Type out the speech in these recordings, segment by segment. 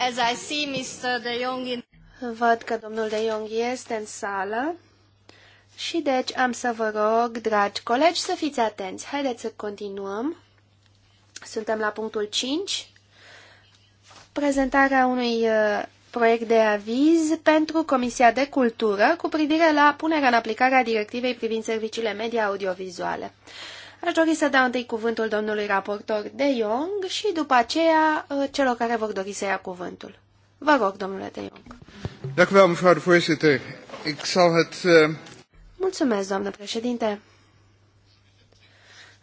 As I see Mr. De Jong in... Văd că domnul De Jong este în sală. Și deci am să vă rog, dragi colegi, să fiți atenți. Haideți să continuăm. Suntem la punctul 5. Prezentarea unui uh, proiect de aviz pentru Comisia de Cultură cu privire la punerea în aplicare a directivei privind serviciile media audiovizuale. vizuale Aș dori să dau întâi cuvântul domnului raportor De Jong și după aceea ă, celor care vor dori să ia cuvântul. Vă rog, domnule De Jong. Dacă eh, Mulțumesc, doamnă președinte.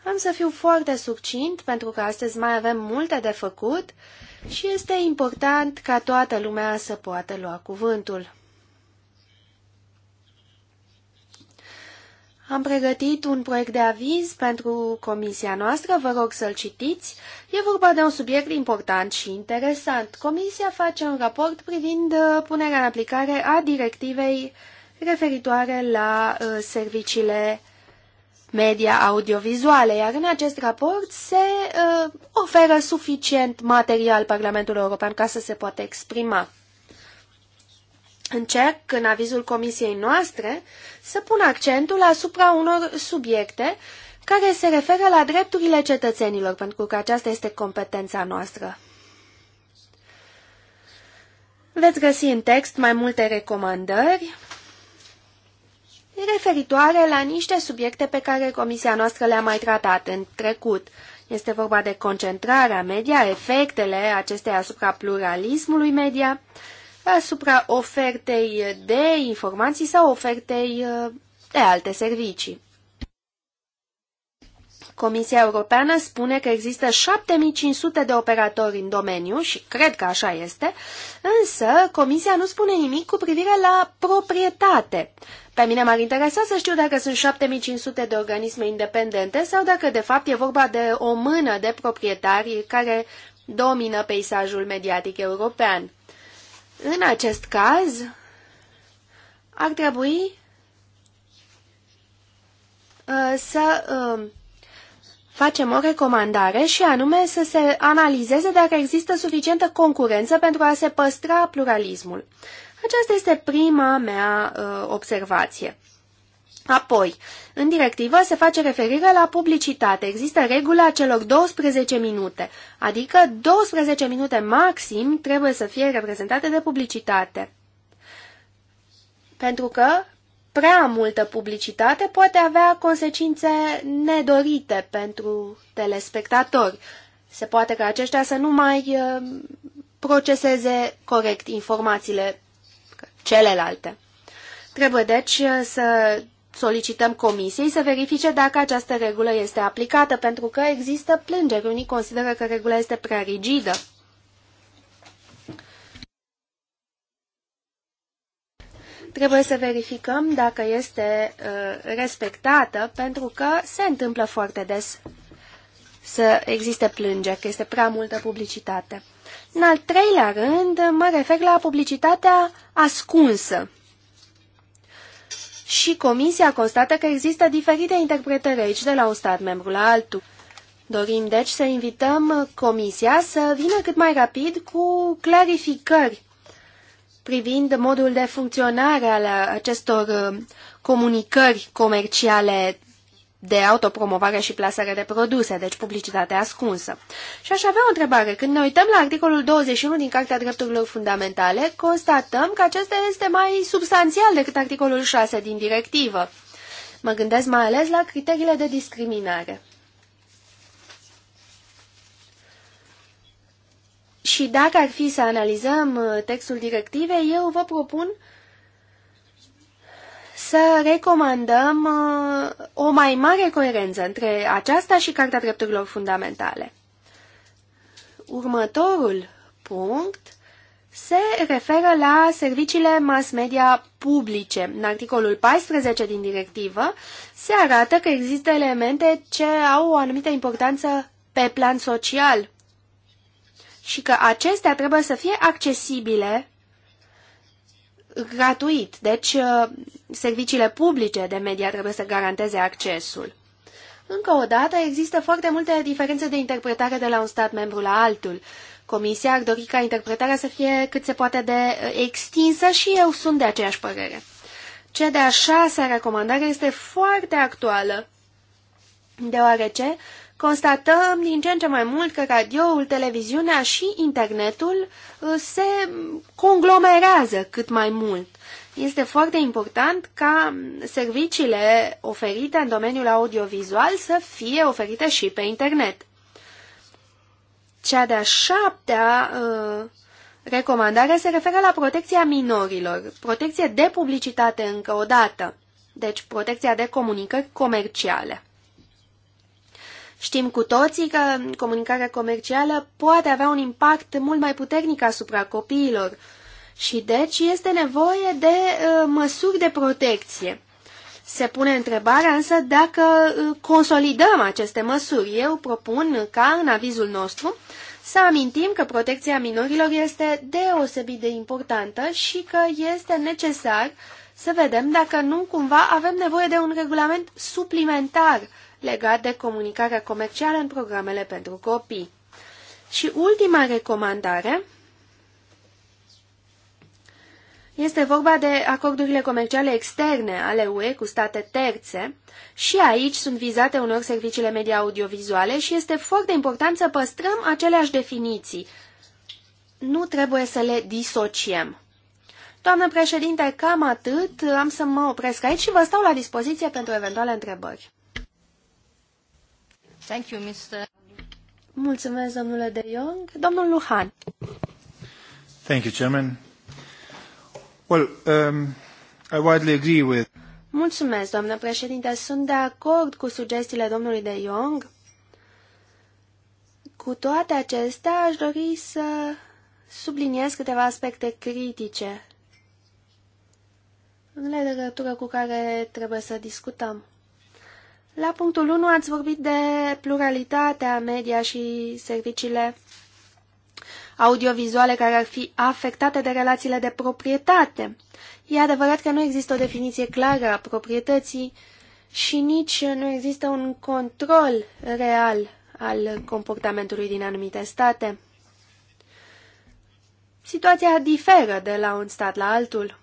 Am să fiu foarte succint pentru că astăzi mai avem multe de făcut și este important ca toată lumea să poată lua cuvântul. Am pregătit un proiect de aviz pentru comisia noastră, vă rog să-l citiți. E vorba de un subiect important și interesant. Comisia face un raport privind uh, punerea în aplicare a directivei referitoare la uh, serviciile media audiovizuale, iar în acest raport se uh, oferă suficient material Parlamentului European ca să se poată exprima. Încerc, în avizul comisiei noastre, să pun accentul asupra unor subiecte care se referă la drepturile cetățenilor, pentru că aceasta este competența noastră. Veți găsi în text mai multe recomandări referitoare la niște subiecte pe care comisia noastră le-a mai tratat în trecut. Este vorba de concentrarea media, efectele acesteia asupra pluralismului media, asupra ofertei de informații sau ofertei uh, de alte servicii. Comisia Europeană spune că există 7500 de operatori în domeniu și cred că așa este, însă Comisia nu spune nimic cu privire la proprietate. Pe mine m-ar interesa să știu dacă sunt 7500 de organisme independente sau dacă de fapt e vorba de o mână de proprietari care domină peisajul mediatic european. În acest caz, ar trebui uh, să uh, facem o recomandare și anume să se analizeze dacă există suficientă concurență pentru a se păstra pluralismul. Aceasta este prima mea uh, observație. Apoi, în directivă se face referire la publicitate. Există regula celor 12 minute, adică 12 minute maxim trebuie să fie reprezentate de publicitate. Pentru că prea multă publicitate poate avea consecințe nedorite pentru telespectatori. Se poate ca aceștia să nu mai uh, proceseze corect informațiile celelalte. Trebuie deci să solicităm comisiei să verifice dacă această regulă este aplicată, pentru că există plângeri. Unii consideră că regula este prea rigidă. Trebuie să verificăm dacă este uh, respectată, pentru că se întâmplă foarte des să existe plângeri, că este prea multă publicitate. În al treilea rând, mă refer la publicitatea ascunsă și Comisia constată că există diferite interpretări aici de la un stat membru la altul. Dorim deci să invităm Comisia să vină cât mai rapid cu clarificări privind modul de funcționare al acestor uh, comunicări comerciale de autopromovare și plasare de produse, deci publicitate ascunsă. Și aș avea o întrebare. Când ne uităm la articolul 21 din Cartea Drepturilor Fundamentale, constatăm că acesta este mai substanțial decât articolul 6 din directivă. Mă gândesc mai ales la criteriile de discriminare. Și dacă ar fi să analizăm uh, textul directivei, eu vă propun uh, să recomandăm uh, o mai mare coerență între aceasta și Carta Drepturilor Fundamentale. Următorul punct se referă la serviciile mass media publice. În articolul 14 din directivă se arată că există elemente ce au o anumită importanță pe plan social și că acestea trebuie să fie accesibile gratuit. Deci, uh, serviciile publice de media trebuie să garanteze accesul. Încă o dată, există foarte multe diferențe de interpretare de la un stat membru la altul. Comisia ar dori ca interpretarea să fie cât se poate de uh, extinsă și eu sunt de aceeași părere. Cea de-a șasea recomandare este foarte actuală, deoarece constatăm din ce în ce mai mult că radioul, televiziunea și internetul uh, se conglomerează cât mai mult. Este foarte important ca serviciile oferite în domeniul audiovizual să fie oferite și pe internet. Cea de-a șaptea uh, recomandare se referă la protecția minorilor, protecție de publicitate încă o dată, deci protecția de comunicări comerciale. Știm cu toții că comunicarea comercială poate avea un impact mult mai puternic asupra copiilor și deci este nevoie de uh, măsuri de protecție. Se pune întrebarea însă dacă uh, consolidăm aceste măsuri. Eu propun ca în avizul nostru să amintim că protecția minorilor este deosebit de importantă și că este necesar să vedem dacă nu cumva avem nevoie de un regulament suplimentar legat de comunicarea comercială în programele pentru copii. Și ultima recomandare este vorba de acordurile comerciale externe ale UE cu state terțe și aici sunt vizate unor serviciile media audiovizuale și este foarte important să păstrăm aceleași definiții. Nu trebuie să le disociem. Doamnă președinte, cam atât. Am să mă opresc aici și vă stau la dispoziție pentru eventuale întrebări. Thank you, Mr. Mulțumesc, domnule De Jong. Domnul Luhan. Thank you, Chairman. Well, um, I widely agree with... Mulțumesc, doamnă președinte. Sunt de acord cu sugestiile domnului De Jong. Cu toate acestea, aș dori să subliniez câteva aspecte critice în legătură cu care trebuie să discutăm. La punctul 1 ați vorbit de pluralitatea media și serviciile audiovizuale care ar fi afectate de relațiile de proprietate. E adevărat că nu există o definiție clară a proprietății și nici nu există un control real al comportamentului din anumite state. Situația diferă de la un stat la altul.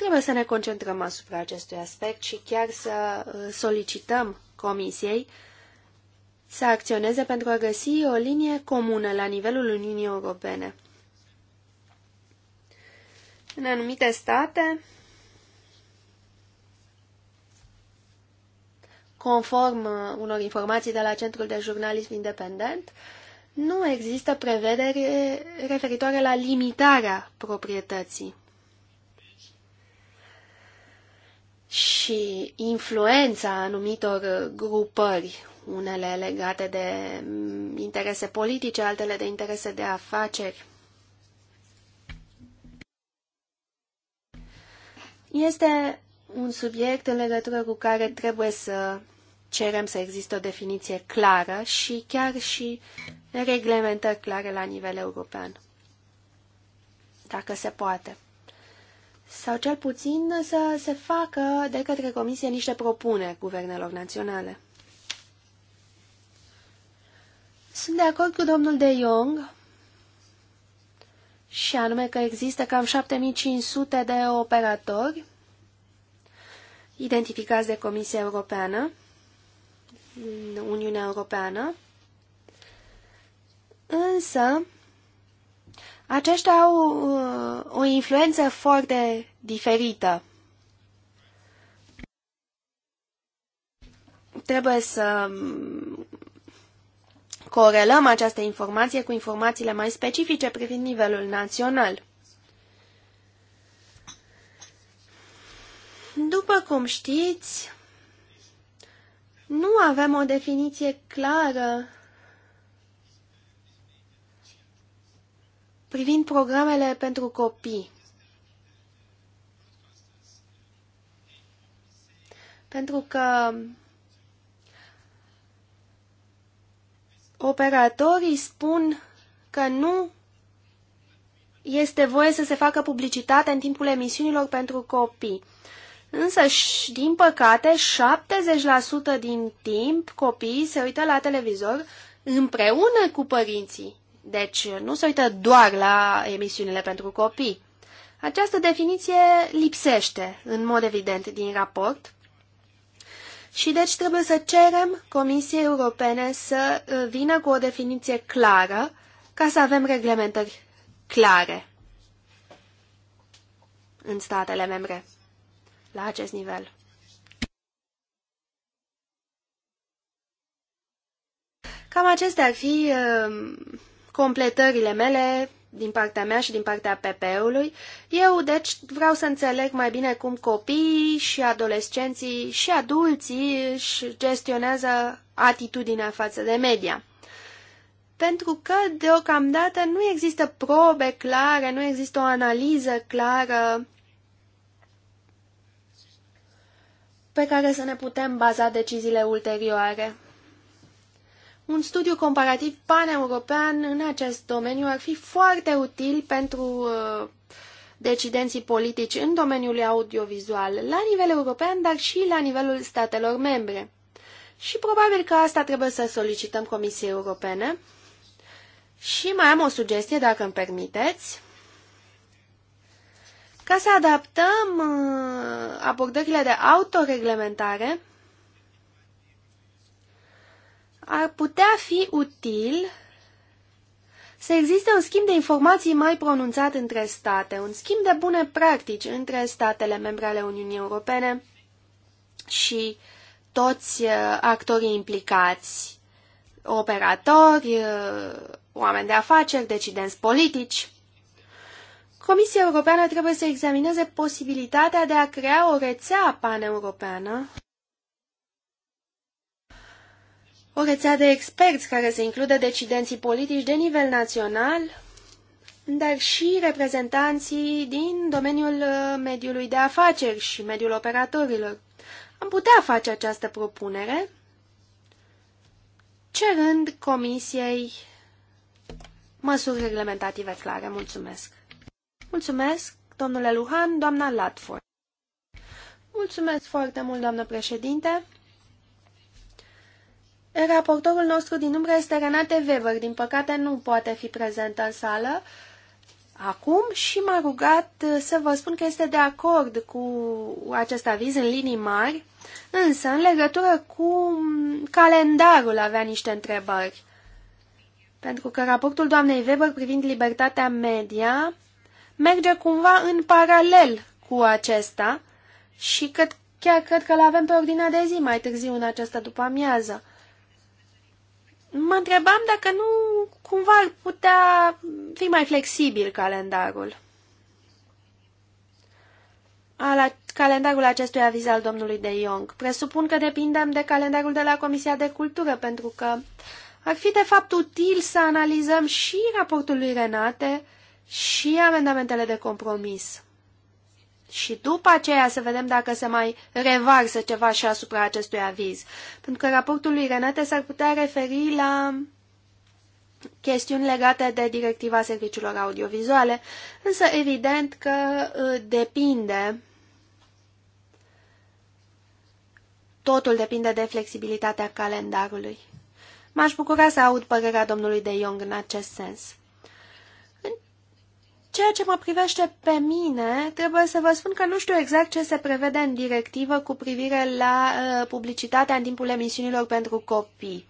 Trebuie să ne concentrăm asupra acestui aspect și chiar să uh, solicităm Comisiei să acționeze pentru a găsi o linie comună la nivelul Uniunii Europene. În anumite state, conform uh, unor informații de la Centrul de Jurnalism Independent, nu există prevedere referitoare la limitarea proprietății. și influența anumitor grupări, unele legate de mm, interese politice, altele de interese de afaceri. Este un subiect în legătură cu care trebuie să cerem să existe o definiție clară și chiar și reglementări clare la nivel european, dacă se poate sau cel puțin să se facă de către Comisie niște propuneri guvernelor naționale. Sunt de acord cu domnul De Jong și anume că există cam 7500 de operatori identificați de Comisia Europeană, Uniunea Europeană, însă aceștia au uh, o influență foarte diferită. Trebuie să um, corelăm această informație cu informațiile mai specifice privind nivelul național. După cum știți, nu avem o definiție clară privind programele pentru copii. Pentru că operatorii spun că nu este voie să se facă publicitate în timpul emisiunilor pentru copii. Însă, din păcate, 70% din timp copiii se uită la televizor împreună cu părinții. Deci nu se uită doar la emisiunile pentru copii. Această definiție lipsește în mod evident din raport și deci trebuie să cerem Comisiei Europene să uh, vină cu o definiție clară ca să avem reglementări clare în statele membre la acest nivel. Cam acestea ar fi uh, completările mele din partea mea și din partea PP-ului. Eu, deci, vreau să înțeleg mai bine cum copiii și adolescenții și adulții își gestionează atitudinea față de media. Pentru că, deocamdată, nu există probe clare, nu există o analiză clară pe care să ne putem baza deciziile ulterioare. Un studiu comparativ paneuropean în acest domeniu ar fi foarte util pentru uh, decidenții politici în domeniul audiovizual, la nivel european, dar și la nivelul statelor membre. Și probabil că asta trebuie să solicităm Comisiei Europene. Și mai am o sugestie, dacă îmi permiteți. Ca să adaptăm uh, abordările de autoreglementare ar putea fi util să existe un schimb de informații mai pronunțat între state, un schimb de bune practici între statele membre ale Uniunii Europene și toți uh, actorii implicați, operatori, uh, oameni de afaceri, decidenți politici. Comisia Europeană trebuie să examineze posibilitatea de a crea o rețea paneuropeană o rețea de experți care să includă decidenții politici de nivel național, dar și reprezentanții din domeniul uh, mediului de afaceri și mediul operatorilor. Am putea face această propunere cerând Comisiei măsuri reglementative clare. Mulțumesc! Mulțumesc, domnule Luhan, doamna Latford. Mulțumesc foarte mult, doamnă președinte! Raportorul nostru din umbră este Renate Weber, din păcate nu poate fi prezentă în sală acum și m-a rugat uh, să vă spun că este de acord cu acest aviz în linii mari, însă în legătură cu mm, calendarul avea niște întrebări. Pentru că raportul doamnei Weber privind libertatea media merge cumva în paralel cu acesta și cât, chiar cred că l avem pe ordinea de zi mai târziu în această după amiază. Mă întrebam dacă nu cumva ar putea fi mai flexibil calendarul. Ala, calendarul acestui aviz al domnului De Jong. Presupun că depindem de calendarul de la Comisia de Cultură, pentru că ar fi de fapt util să analizăm și raportul lui Renate și amendamentele de compromis și după aceea să vedem dacă se mai revarsă ceva și asupra acestui aviz. Pentru că raportul lui Renate s-ar putea referi la chestiuni legate de directiva serviciilor audiovizuale, însă evident că uh, depinde, totul depinde de flexibilitatea calendarului. M-aș bucura să aud părerea domnului de Jong în acest sens ceea ce mă privește pe mine, trebuie să vă spun că nu știu exact ce se prevede în directivă cu privire la uh, publicitatea în timpul emisiunilor pentru copii.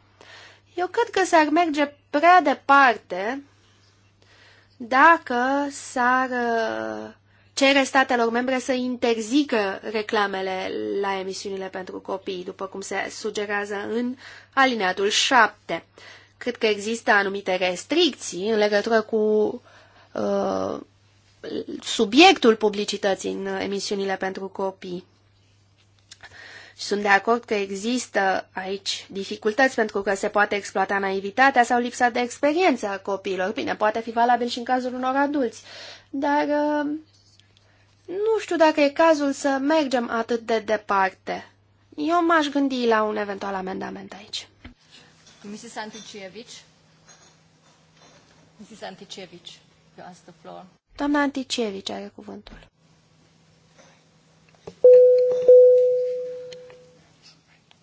Eu cred că s-ar merge prea departe dacă s-ar uh, cere statelor membre să interzică reclamele la emisiunile pentru copii, după cum se sugerează în alineatul 7. Cred că există anumite restricții în legătură cu uh, Uh, subiectul publicității în emisiunile pentru copii. sunt de acord că există aici dificultăți pentru că se poate exploata naivitatea sau lipsa de experiență a copiilor. Bine, poate fi valabil și în cazul unor adulți, dar uh, nu știu dacă e cazul să mergem atât de departe. Eu m-aș gândi la un eventual amendament aici. Mrs. Anticevici. Mrs. Anticevici ask the floor. Doamna Anticevici are cuvântul.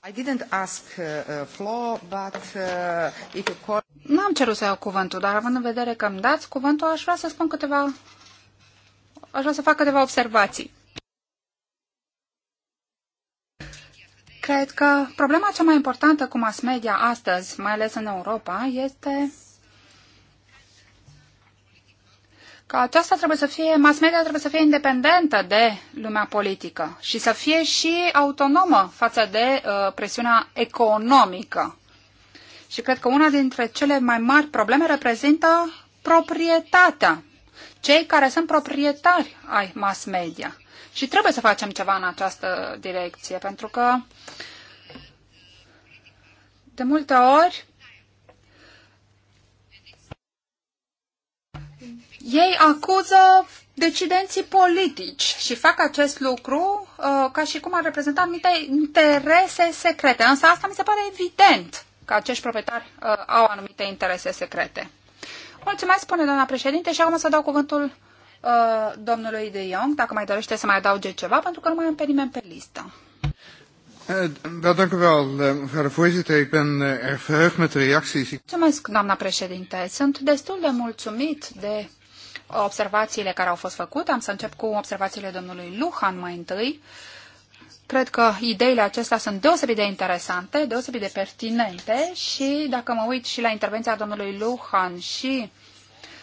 I didn't ask uh, uh floor, but uh, if you call... Nu am cerut să iau cuvântul, dar având în vedere că îmi dați cuvântul, aș vrea să spun câteva... Aș vrea să fac câteva observații. Cred că problema cea mai importantă cu mass media astăzi, mai ales în Europa, este că aceasta trebuie să fie, mass media trebuie să fie independentă de lumea politică și să fie și autonomă față de uh, presiunea economică. Și cred că una dintre cele mai mari probleme reprezintă proprietatea. Cei care sunt proprietari ai mass media. Și trebuie să facem ceva în această direcție, pentru că de multe ori ei acuză decidenții politici și fac acest lucru uh, ca și cum ar reprezenta anumite interese secrete. Însă asta mi se pare evident că acești proprietari uh, au anumite interese secrete. Mulțumesc, spune doamna președinte, și acum să dau cuvântul uh, domnului De Jong, dacă mai dorește să mai adauge ceva, pentru că nu mai am pe nimeni pe listă. Da, Mulțumesc, doamna președinte. Sunt destul de mulțumit de observațiile care au fost făcute. Am să încep cu observațiile domnului Luhan mai întâi. Cred că ideile acestea sunt deosebit de interesante, deosebit de pertinente și dacă mă uit și la intervenția domnului Luhan și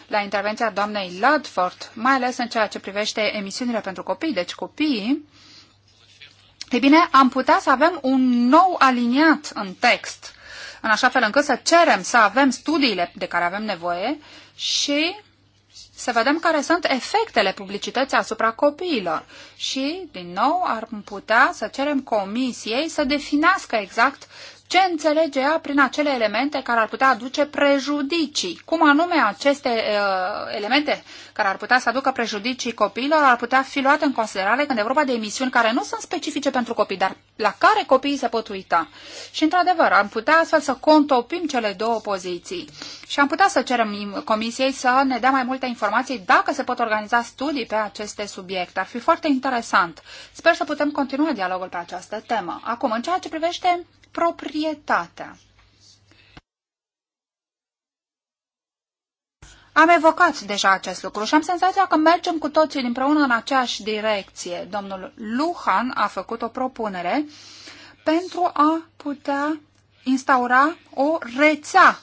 la intervenția doamnei Ludford, mai ales în ceea ce privește emisiunile pentru copii, deci copiii, ei bine, am putea să avem un nou aliniat în text, în așa fel încât să cerem să avem studiile de care avem nevoie și să vedem care sunt efectele publicității asupra copiilor. Și, din nou, ar putea să cerem comisiei să definească exact ce înțelege ea prin acele elemente care ar putea aduce prejudicii. Cum anume aceste uh, elemente care ar putea să aducă prejudicii copiilor ar putea fi luate în considerare când e vorba de emisiuni care nu sunt specifice pentru copii, dar la care copiii se pot uita. Și într-adevăr, am putea astfel să contopim cele două poziții și am putea să cerem comisiei să ne dea mai multe informații dacă se pot organiza studii pe aceste subiecte. Ar fi foarte interesant. Sper să putem continua dialogul pe această temă. Acum, în ceea ce privește proprietatea. Am evocat deja acest lucru și am senzația că mergem cu toții împreună în aceeași direcție. Domnul Luhan a făcut o propunere pentru a putea instaura o rețea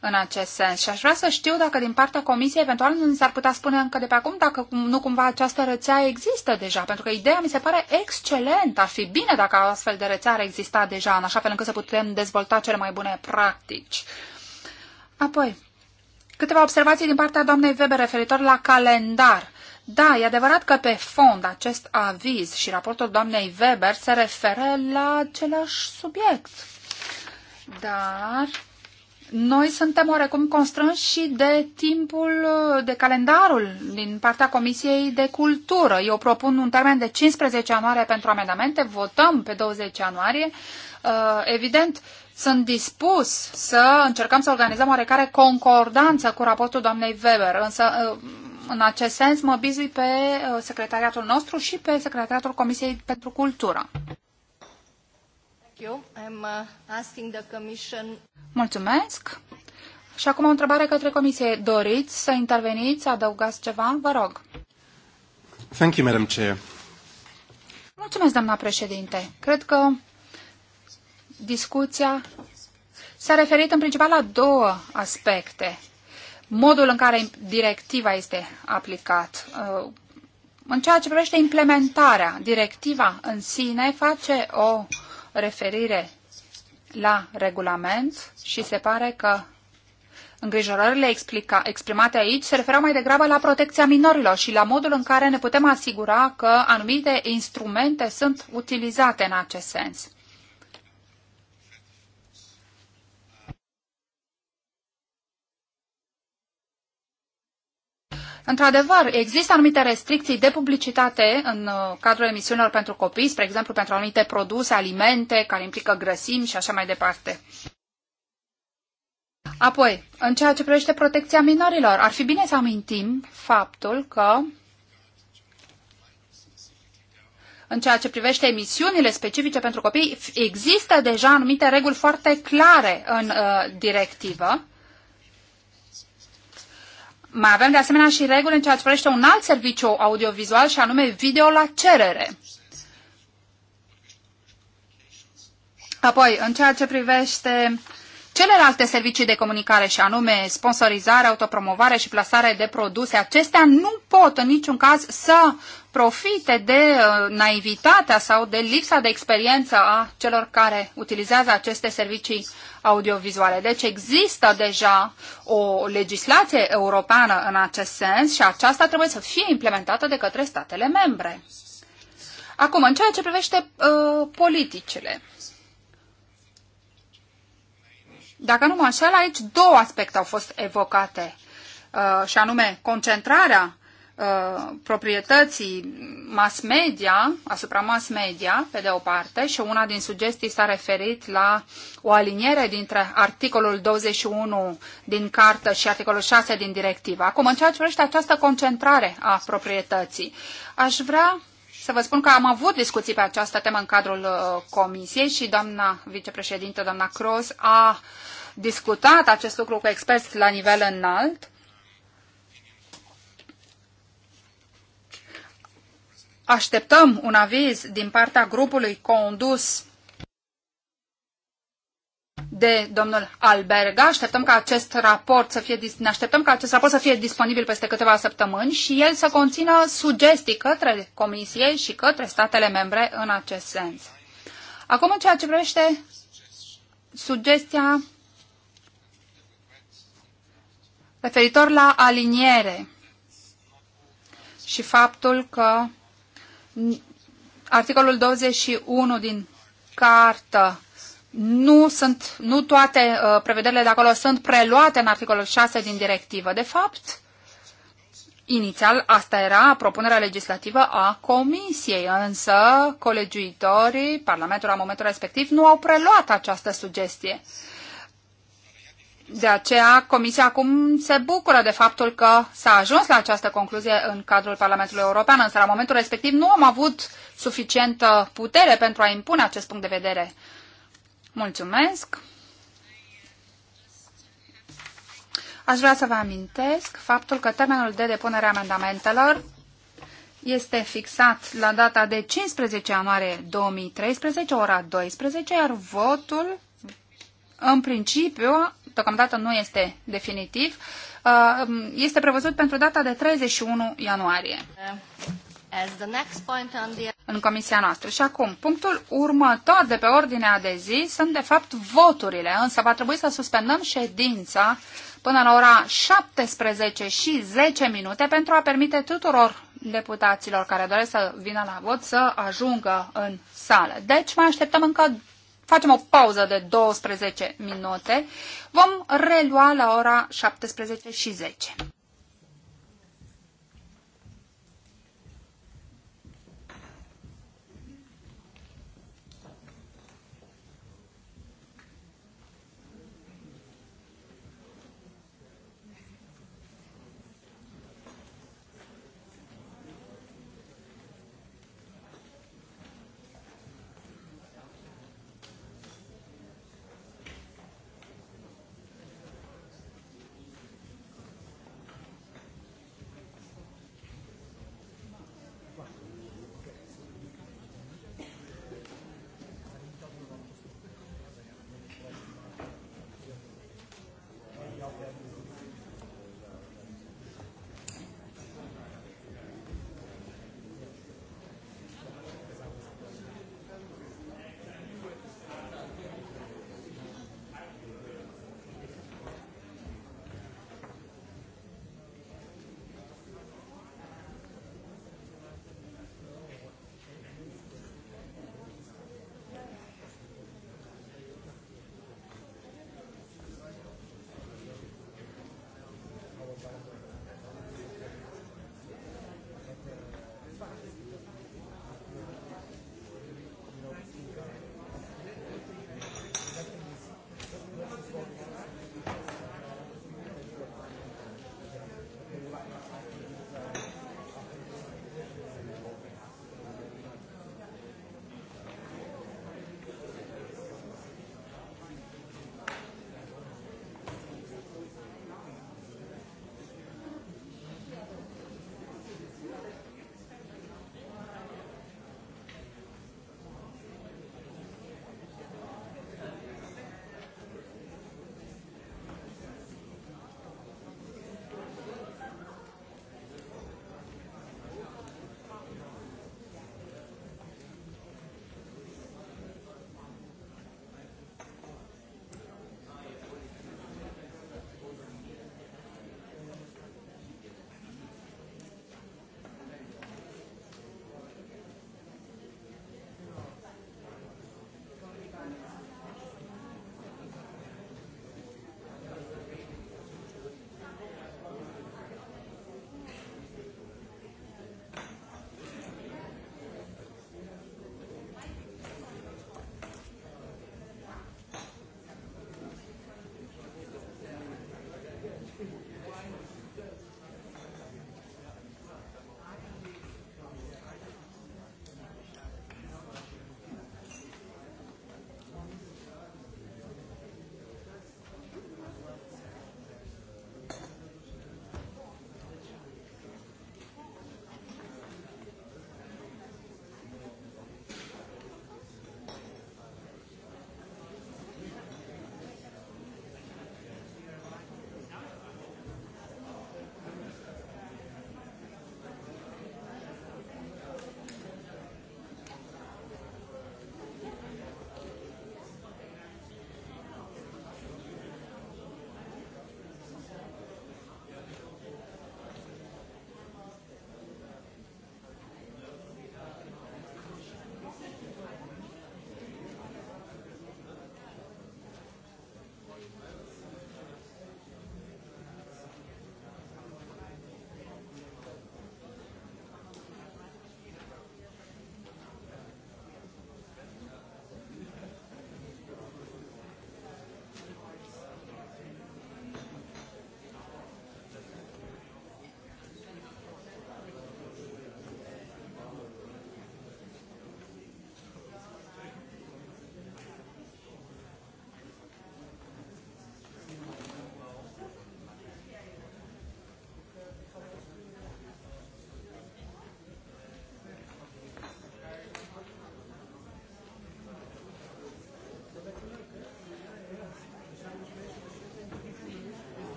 în acest sens. Și aș vrea să știu dacă din partea Comisiei eventual nu s-ar putea spune încă de pe acum dacă nu cumva această rețea există deja, pentru că ideea mi se pare excelentă. Ar fi bine dacă astfel de rețea ar exista deja, în așa fel încât să putem dezvolta cele mai bune practici. Apoi, câteva observații din partea doamnei Weber referitor la calendar. Da, e adevărat că pe fond acest aviz și raportul doamnei Weber se referă la același subiect. Dar noi suntem oarecum constrânși și de timpul, de calendarul din partea Comisiei de Cultură. Eu propun un termen de 15 ianuarie pentru amendamente, votăm pe 20 ianuarie. Uh, evident, sunt dispus să încercăm să organizăm oarecare concordanță cu raportul doamnei Weber, însă uh, în acest sens mă bizui pe uh, secretariatul nostru și pe secretariatul Comisiei pentru Cultură you. I'm uh, asking the commission... Mulțumesc. Și acum o întrebare către comisie. Doriți să interveniți, să adăugați ceva? Vă rog. Thank you, Madam Chair. Mulțumesc, doamna președinte. Cred că discuția s-a referit în principal la două aspecte. Modul în care directiva este aplicat. Uh, în ceea ce privește implementarea, directiva în sine face o referire la regulament și se pare că îngrijorările explica, exprimate aici se referau mai degrabă la protecția minorilor și la modul în care ne putem asigura că anumite instrumente sunt utilizate în acest sens. Într-adevăr, există anumite restricții de publicitate în uh, cadrul emisiunilor pentru copii, spre exemplu pentru anumite produse, alimente care implică grăsimi și așa mai departe. Apoi, în ceea ce privește protecția minorilor, ar fi bine să amintim faptul că în ceea ce privește emisiunile specifice pentru copii, există deja anumite reguli foarte clare în uh, directivă mai avem de asemenea și reguli în ceea ce privește un alt serviciu audiovizual și anume video la cerere. Apoi, în ceea ce privește Celelalte servicii de comunicare, și anume sponsorizare, autopromovare și plasare de produse, acestea nu pot în niciun caz să profite de uh, naivitatea sau de lipsa de experiență a celor care utilizează aceste servicii audiovizuale. Deci există deja o legislație europeană în acest sens și aceasta trebuie să fie implementată de către statele membre. Acum, în ceea ce privește uh, politicile, dacă nu mă înșel, aici două aspecte au fost evocate, uh, și anume concentrarea uh, proprietății mass media, asupra mass media, pe de o parte, și una din sugestii s-a referit la o aliniere dintre articolul 21 din cartă și articolul 6 din directivă. Acum, în ceea ce privește această concentrare a proprietății, aș vrea să vă spun că am avut discuții pe această temă în cadrul uh, comisiei și doamna vicepreședintă, doamna Cross, a discutat acest lucru cu experți la nivel înalt. Așteptăm un aviz din partea grupului condus de domnul Alberga. Așteptăm ca acest raport să fie, ne așteptăm ca acest raport să fie disponibil peste câteva săptămâni și el să conțină sugestii către Comisie și către statele membre în acest sens. Acum, în ceea ce privește sugestia referitor la aliniere și faptul că articolul 21 din cartă nu, sunt, nu toate uh, prevederile de acolo sunt preluate în articolul 6 din directivă. De fapt, inițial asta era propunerea legislativă a Comisiei, însă colegiuitorii, Parlamentul la momentul respectiv, nu au preluat această sugestie de aceea, Comisia acum se bucură de faptul că s-a ajuns la această concluzie în cadrul Parlamentului European, însă la momentul respectiv nu am avut suficientă putere pentru a impune acest punct de vedere. Mulțumesc! Aș vrea să vă amintesc faptul că termenul de depunere a amendamentelor este fixat la data de 15 ianuarie 2013, ora 12, iar votul în principiu deocamdată nu este definitiv, uh, este prevăzut pentru data de 31 ianuarie. The... În comisia noastră. Și acum, punctul următor de pe ordinea de zi sunt de fapt voturile, însă va trebui să suspendăm ședința până la ora 17 și 10 minute pentru a permite tuturor deputaților care doresc să vină la vot să ajungă în sală. Deci mai așteptăm încă Facem o pauză de 12 minute. Vom relua la ora 17 și 10.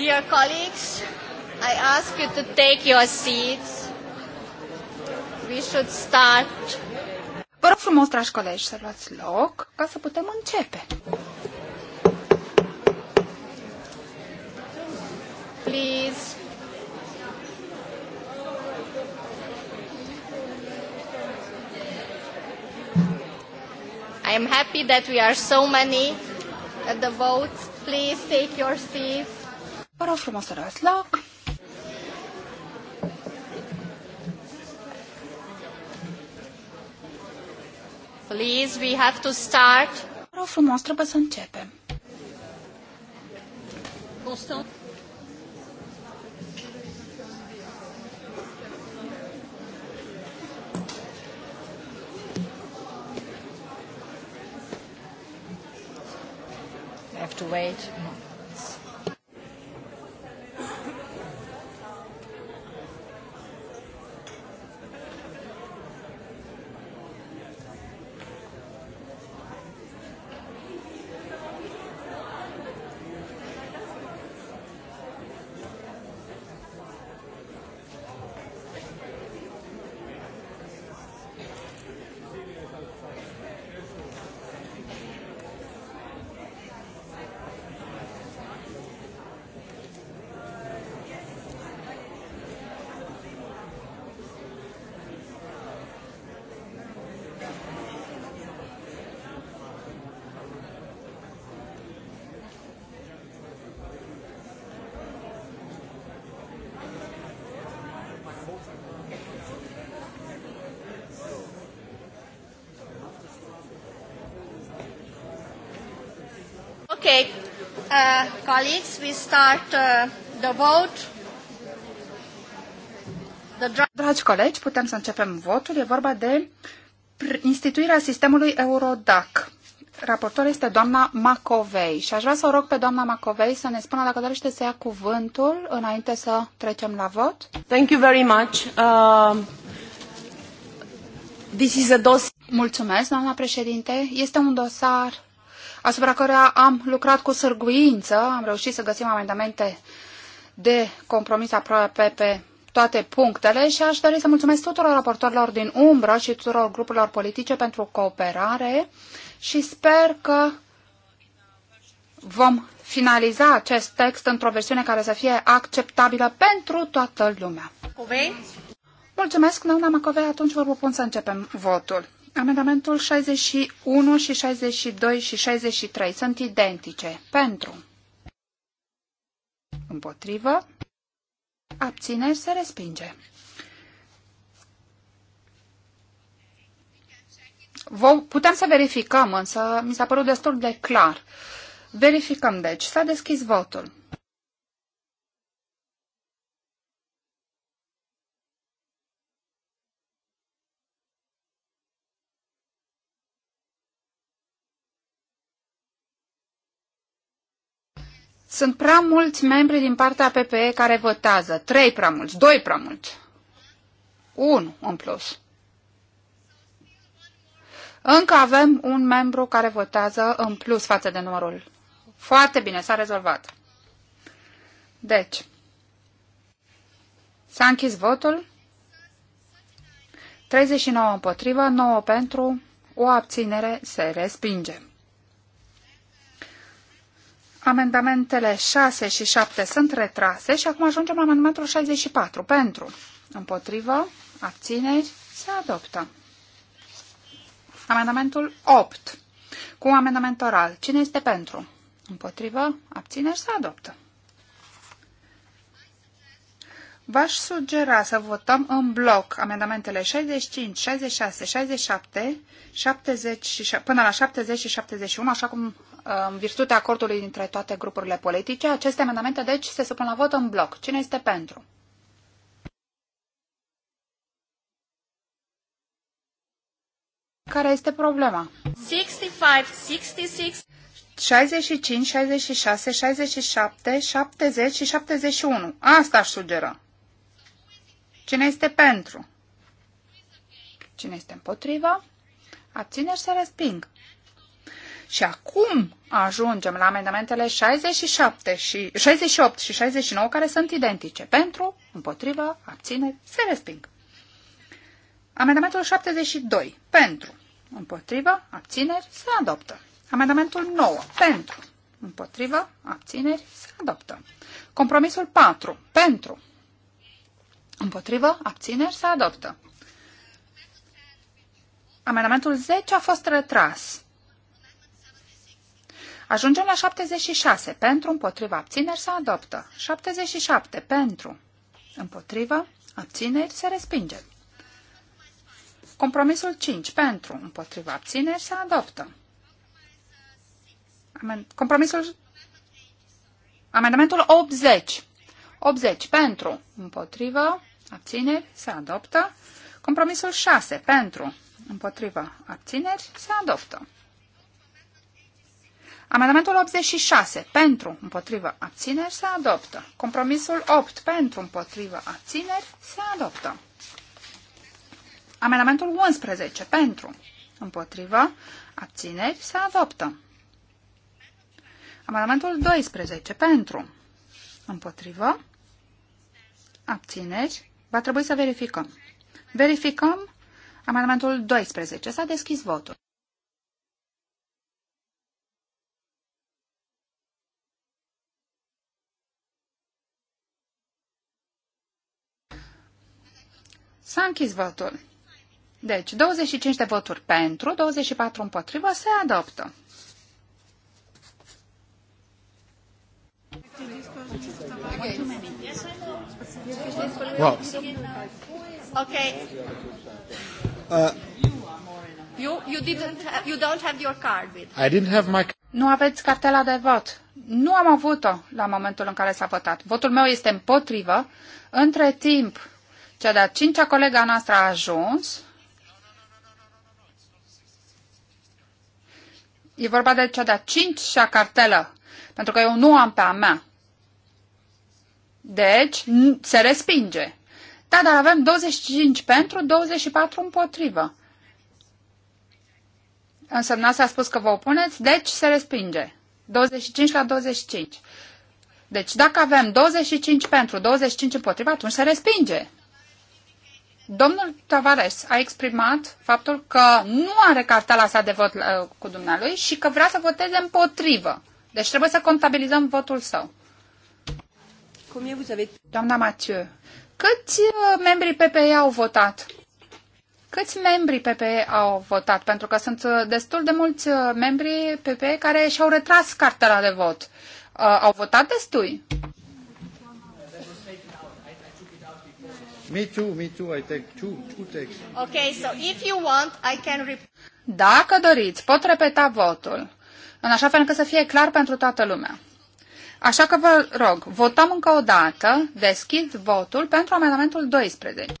Dear colleagues, I ask you to take your seats. We should start. Vă rog frumos, dragi colegi, să luați loc ca să putem începe. Please. I am happy that we are so many at the vote. Please take your seats. Vă rog frumos să luați loc. Please, we have to start. Vă rog frumos, trebuie să începem. have to wait. colleagues, we start uh, the vote. The... Dragi colegi, putem să începem votul. E vorba de instituirea sistemului Eurodac. Raportor este doamna Macovei și aș vrea să o rog pe doamna Macovei să ne spună dacă dorește să ia cuvântul înainte să trecem la vot. Thank you very much. Uh, this is a dos Mulțumesc, doamna președinte. Este un dosar asupra căreia am lucrat cu sârguință, am reușit să găsim amendamente de compromis aproape pe toate punctele și aș dori să mulțumesc tuturor raportorilor din umbră și tuturor grupurilor politice pentru cooperare și sper că vom finaliza acest text într-o versiune care să fie acceptabilă pentru toată lumea. Mulțumesc, doamna Macovei, atunci vă propun să începem votul. Amendamentul 61 și 62 și 63 sunt identice. Pentru. Împotrivă. Abțineri se respinge. Vom, putem să verificăm, însă mi s-a părut destul de clar. Verificăm, deci. S-a deschis votul. Sunt prea mulți membri din partea PPE care votează. Trei prea mulți, doi prea mulți. Unu în plus. Încă avem un membru care votează în plus față de numărul. Foarte bine, s-a rezolvat. Deci, s-a închis votul. 39 împotrivă, 9 pentru, o abținere se respinge. Amendamentele 6 și 7 sunt retrase și acum ajungem la amendamentul 64. Pentru, împotrivă, abțineri, se adoptă. Amendamentul 8. Cu amendament oral. Cine este pentru? Împotrivă, abțineri, se adoptă. V-aș sugera să votăm în bloc amendamentele 65, 66, 67, 70 și, până la 70 și 71, așa cum în um, virtutea acordului dintre toate grupurile politice. Aceste amendamente, deci, se supun la vot în bloc. Cine este pentru? Care este problema? 65, 66... 66, 67, 70 și 71. Asta aș sugera. Cine este pentru? Cine este împotriva? Abțineri se resping. Și acum ajungem la amendamentele 67 și, 68 și 69 care sunt identice. Pentru, împotrivă, abține, se resping. Amendamentul 72. Pentru. Împotrivă, abțineri, se adoptă. Amendamentul 9. Pentru. Împotrivă, abțineri, se adoptă. Compromisul 4. Pentru. Împotrivă, abțineri, se adoptă. Amendamentul 10 a fost retras. Ajungem la 76. Pentru, împotriva, abțineri se adoptă. 77. Pentru, împotriva, abțineri se respinge. Compromisul 5. Pentru, împotriva, abțineri se adoptă. Compromisul... Amendamentul 80. 80. Pentru, împotriva, abțineri se adoptă. Compromisul 6. Pentru, împotriva, abțineri se adoptă. Amendamentul 86 pentru împotrivă abțineri se adoptă. Compromisul 8 pentru împotrivă abțineri se adoptă. Amendamentul 11 pentru împotrivă abțineri se adoptă. Amendamentul 12 pentru împotrivă abțineri va trebui să verificăm. Verificăm amendamentul 12. S-a deschis votul. S-a închis votul. Deci, 25 de voturi pentru, 24 împotrivă, se adoptă. Wow. Ok. Uh, Nu aveți cartela de vot. Nu am avut-o la momentul în care s-a votat. Votul meu este împotrivă. Între timp, cea de-a cincea colega noastră a ajuns. E vorba de cea de-a cincea cartelă, pentru că eu nu am pe a mea. Deci, se respinge. Da, dar avem 25 pentru, 24 împotrivă. Însă s-a spus că vă opuneți, deci se respinge. 25 la 25. Deci dacă avem 25 pentru, 25 împotrivă, atunci se respinge. Domnul Tavares a exprimat faptul că nu are cartela sa de vot uh, cu dumnealui și că vrea să voteze împotrivă. Deci trebuie să contabilizăm votul său. Cum e, Doamna Mathieu, câți uh, membrii PPE au votat? Câți membri PPE au votat? Pentru că sunt uh, destul de mulți membri PPE care și-au retras cartela de vot. au votat destui? Me too, me too, I take two, two takes. Okay, so if you want, I can... Dacă doriți, pot repeta votul, în așa fel încât să fie clar pentru toată lumea. Așa că vă rog, votăm încă o dată, deschid votul pentru amendamentul 12.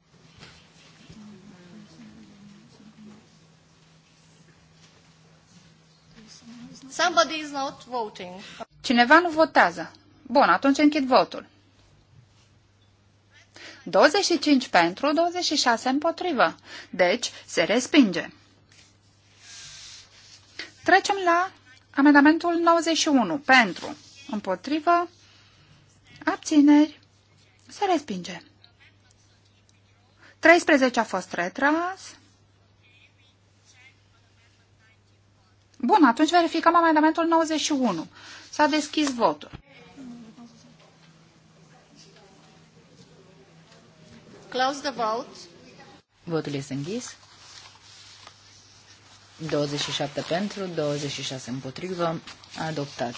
Somebody is not voting. Cineva nu votează. Bun, atunci închid votul. 25 pentru, 26 împotrivă. Deci, se respinge. Trecem la amendamentul 91. Pentru, împotrivă, abțineri, se respinge. 13 a fost retras. Bun, atunci verificăm amendamentul 91. S-a deschis votul. Close the vote. Votul este închis. 27 pentru, 26 împotrivă. Adoptat.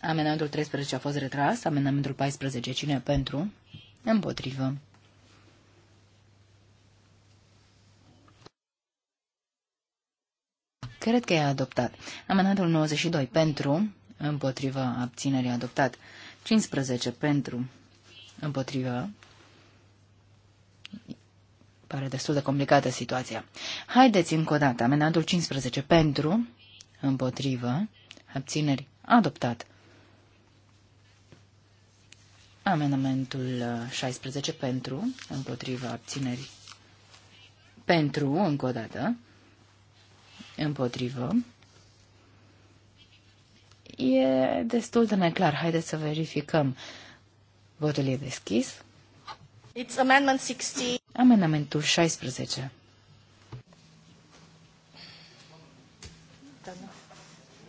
Amendamentul 13 a fost retras. Amendamentul 14. Cine pentru? Împotrivă. Cred că e adoptat. Amendamentul 92 pentru, împotriva abținerii adoptat. 15 pentru împotriva. Pare destul de complicată situația. Haideți încă o dată. Amendamentul 15 pentru împotrivă. Abțineri adoptat. Amendamentul 16 pentru împotriva abținerii. Pentru, încă o dată, împotrivă, e destul de neclar. Haideți să verificăm. Votul e deschis. It's amendment 16. Amendamentul 16.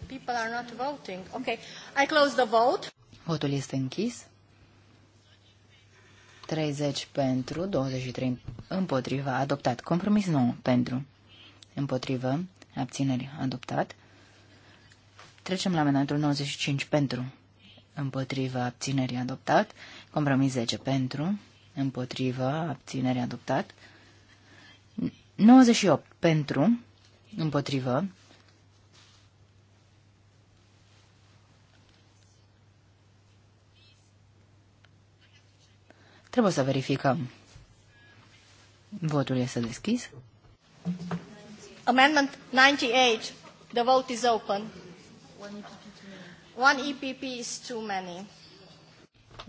People are not voting. Okay. I close the vote. Votul este închis. 30 pentru, 23 împotriva, adoptat. Compromis 9 pentru, împotrivă, abțineri, adoptat. Trecem la amendamentul 95 pentru, împotriva abținerii adoptat, compromis 10 pentru, împotriva abținerii adoptat, 98 pentru, împotrivă, Trebuie să verificăm. Votul este deschis. Amendment 98. The vote is open. One EPP is too many.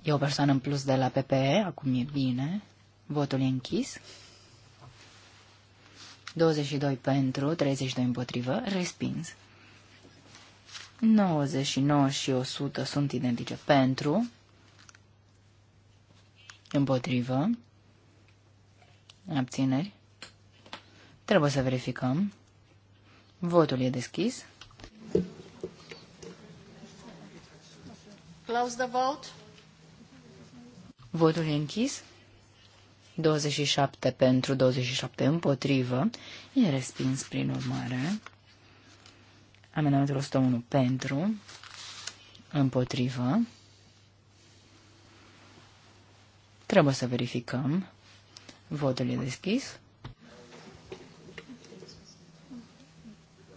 E o persoană în plus de la PPE, acum e bine. Votul e închis. 22 pentru, 32 împotrivă, respins. 99 și 100 sunt identice pentru, împotrivă, abțineri. Trebuie să verificăm. Votul e deschis. Close the vote. Votul e închis. 27 pentru, 27 împotrivă. E respins prin urmare. Amendamentul 101 pentru, împotrivă. Trebuie să verificăm. Votul e deschis.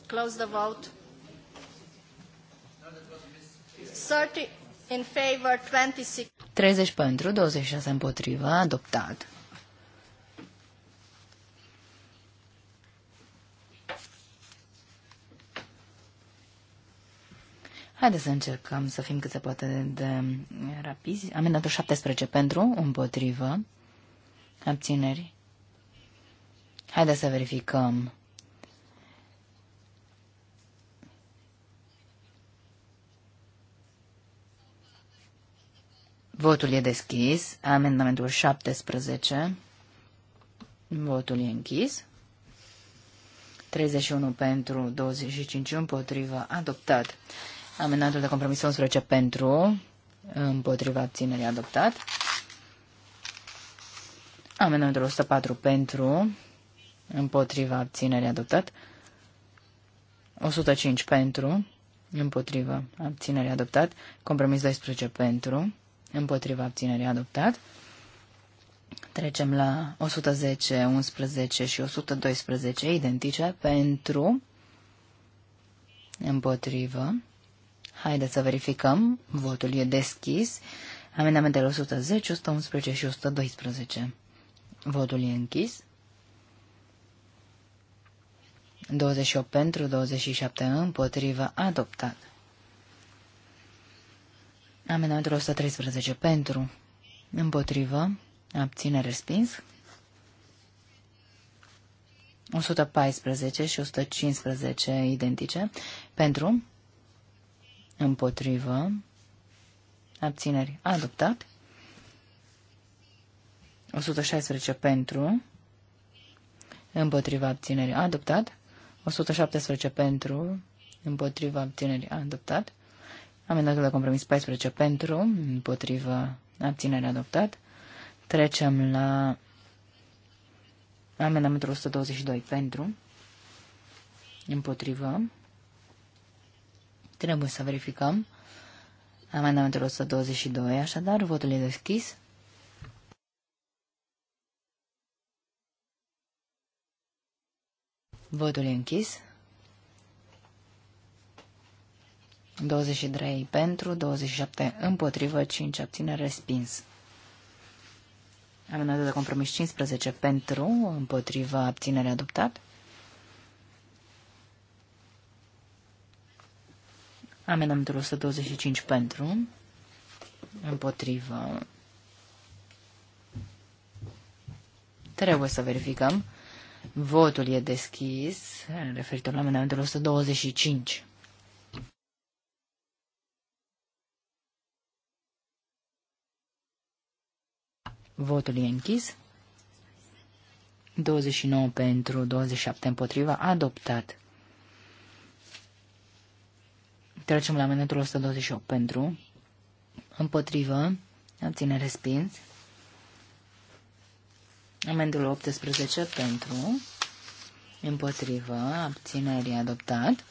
Close the vote. 30, 30 pentru, 26 împotrivă, adoptat. Haideți să încercăm să fim cât se poate de, de rapizi. Amendatul 17 pentru, împotrivă, abțineri. Haideți să verificăm. Votul e deschis. Amendamentul 17. Votul e închis. 31 pentru, 25 împotriva, adoptat. Amendamentul de compromis 11 pentru, împotriva abținerii, adoptat. Amendamentul 104 pentru, împotriva abținerii, adoptat. 105 pentru, împotriva abținerii, adoptat. Compromis 12 pentru, împotriva abținerii adoptat. Trecem la 110, 11 și 112 identice pentru împotrivă. Haideți să verificăm. Votul e deschis. Amendamentele 110, 111 și 112. Votul e închis. 28 pentru, 27 împotrivă, adoptat. Amendamentul 113 pentru, împotrivă, abține respins. 114 și 115 identice pentru, împotrivă, abțineri adoptat. 116 pentru, împotriva abținerii adoptat, 117 pentru, împotriva abținerii adoptat, Amendatul de compromis 14 pentru, împotrivă, abținerea adoptat. Trecem la amendamentul 122 pentru, împotrivă. Trebuie să verificăm. Amendamentul 122, așadar, votul e deschis. Votul e închis. 23 pentru, 27 împotrivă, 5 abține, respins. Amendată de compromis 15 pentru, împotrivă, abținere adoptat. Amendamentul 125 pentru, împotrivă. Trebuie să verificăm. Votul e deschis, referitor la amendamentul 125. Votul e închis. 29 pentru, 27 împotriva, adoptat. Trecem la amendamentul 128 pentru, împotrivă, abține respins. Amendul 18 pentru, împotrivă, abținere adoptat.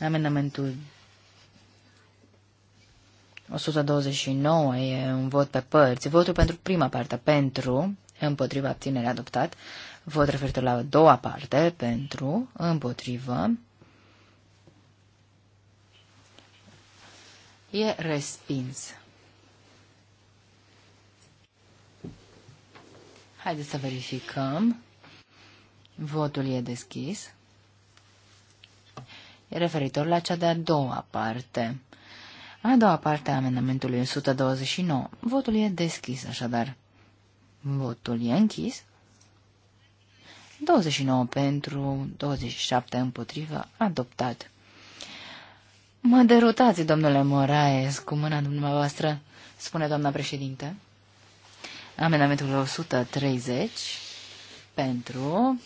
Amendamentul 129 e un vot pe părți. Votul pentru prima parte pentru, împotriva abținere adoptat. Vot referitor la a doua parte pentru, împotrivă. E respins. Haideți să verificăm. Votul e deschis. E referitor la cea de-a doua parte. A doua parte a amendamentului 129. Votul e deschis, așadar. Votul e închis. 29 pentru, 27 împotrivă, adoptat. Mă derutați, domnule Moraes, cu mâna dumneavoastră, spune doamna președinte. Amendamentul 130 pentru,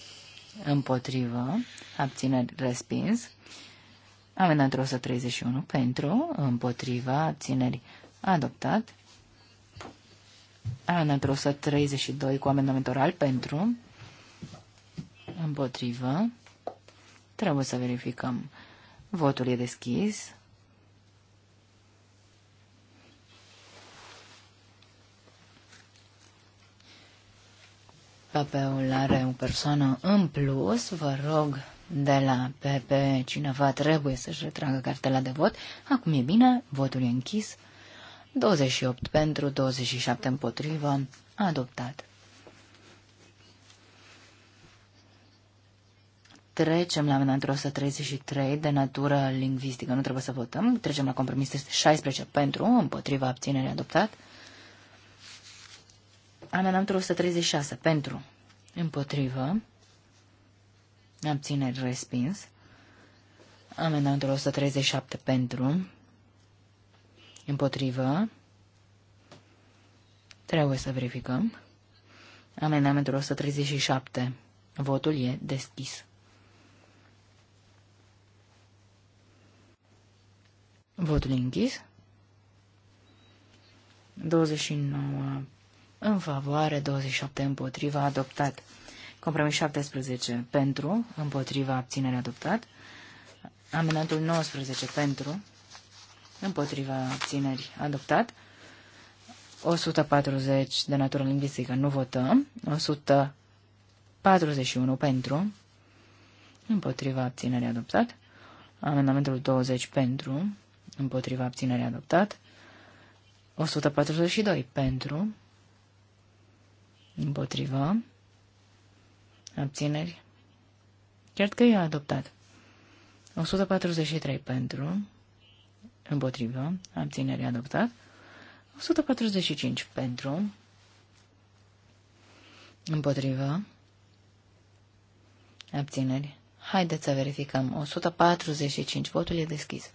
împotrivă, abțineri respins. Amendamentul 131 pentru, împotriva, țineri, adoptat. Amendamentul 132 cu amendament oral pentru, împotrivă. Trebuie să verificăm. Votul e deschis. Papeul are o persoană în plus, vă rog de la PP cineva trebuie să-și retragă cartela de vot. Acum e bine, votul e închis. 28 pentru, 27 împotrivă, adoptat. Trecem la amendamentul 133 de natură lingvistică. Nu trebuie să votăm. Trecem la compromis 16 pentru, împotriva abținere adoptat. Amendamentul 136 pentru, împotrivă, Abțineri respins. Amendamentul 137 pentru. Împotrivă. Trebuie să verificăm. Amendamentul 137. Votul e deschis. Votul e închis. 29 în favoare, 27 împotriva, adoptat. Compromis 17 pentru, împotriva abținere adoptat. Amendamentul 19 pentru, împotriva abținerii adoptat. 140 de natură lingvistică nu votăm. 141 pentru, împotriva abținerii adoptat. Amendamentul 20 pentru, împotriva abținerii adoptat. 142 pentru, împotriva Abțineri. Cert că e adoptat. 143 pentru. Împotrivă. Abținere adoptat. 145 pentru. Împotrivă. Abțineri. Haideți să verificăm. 145. Votul e deschis.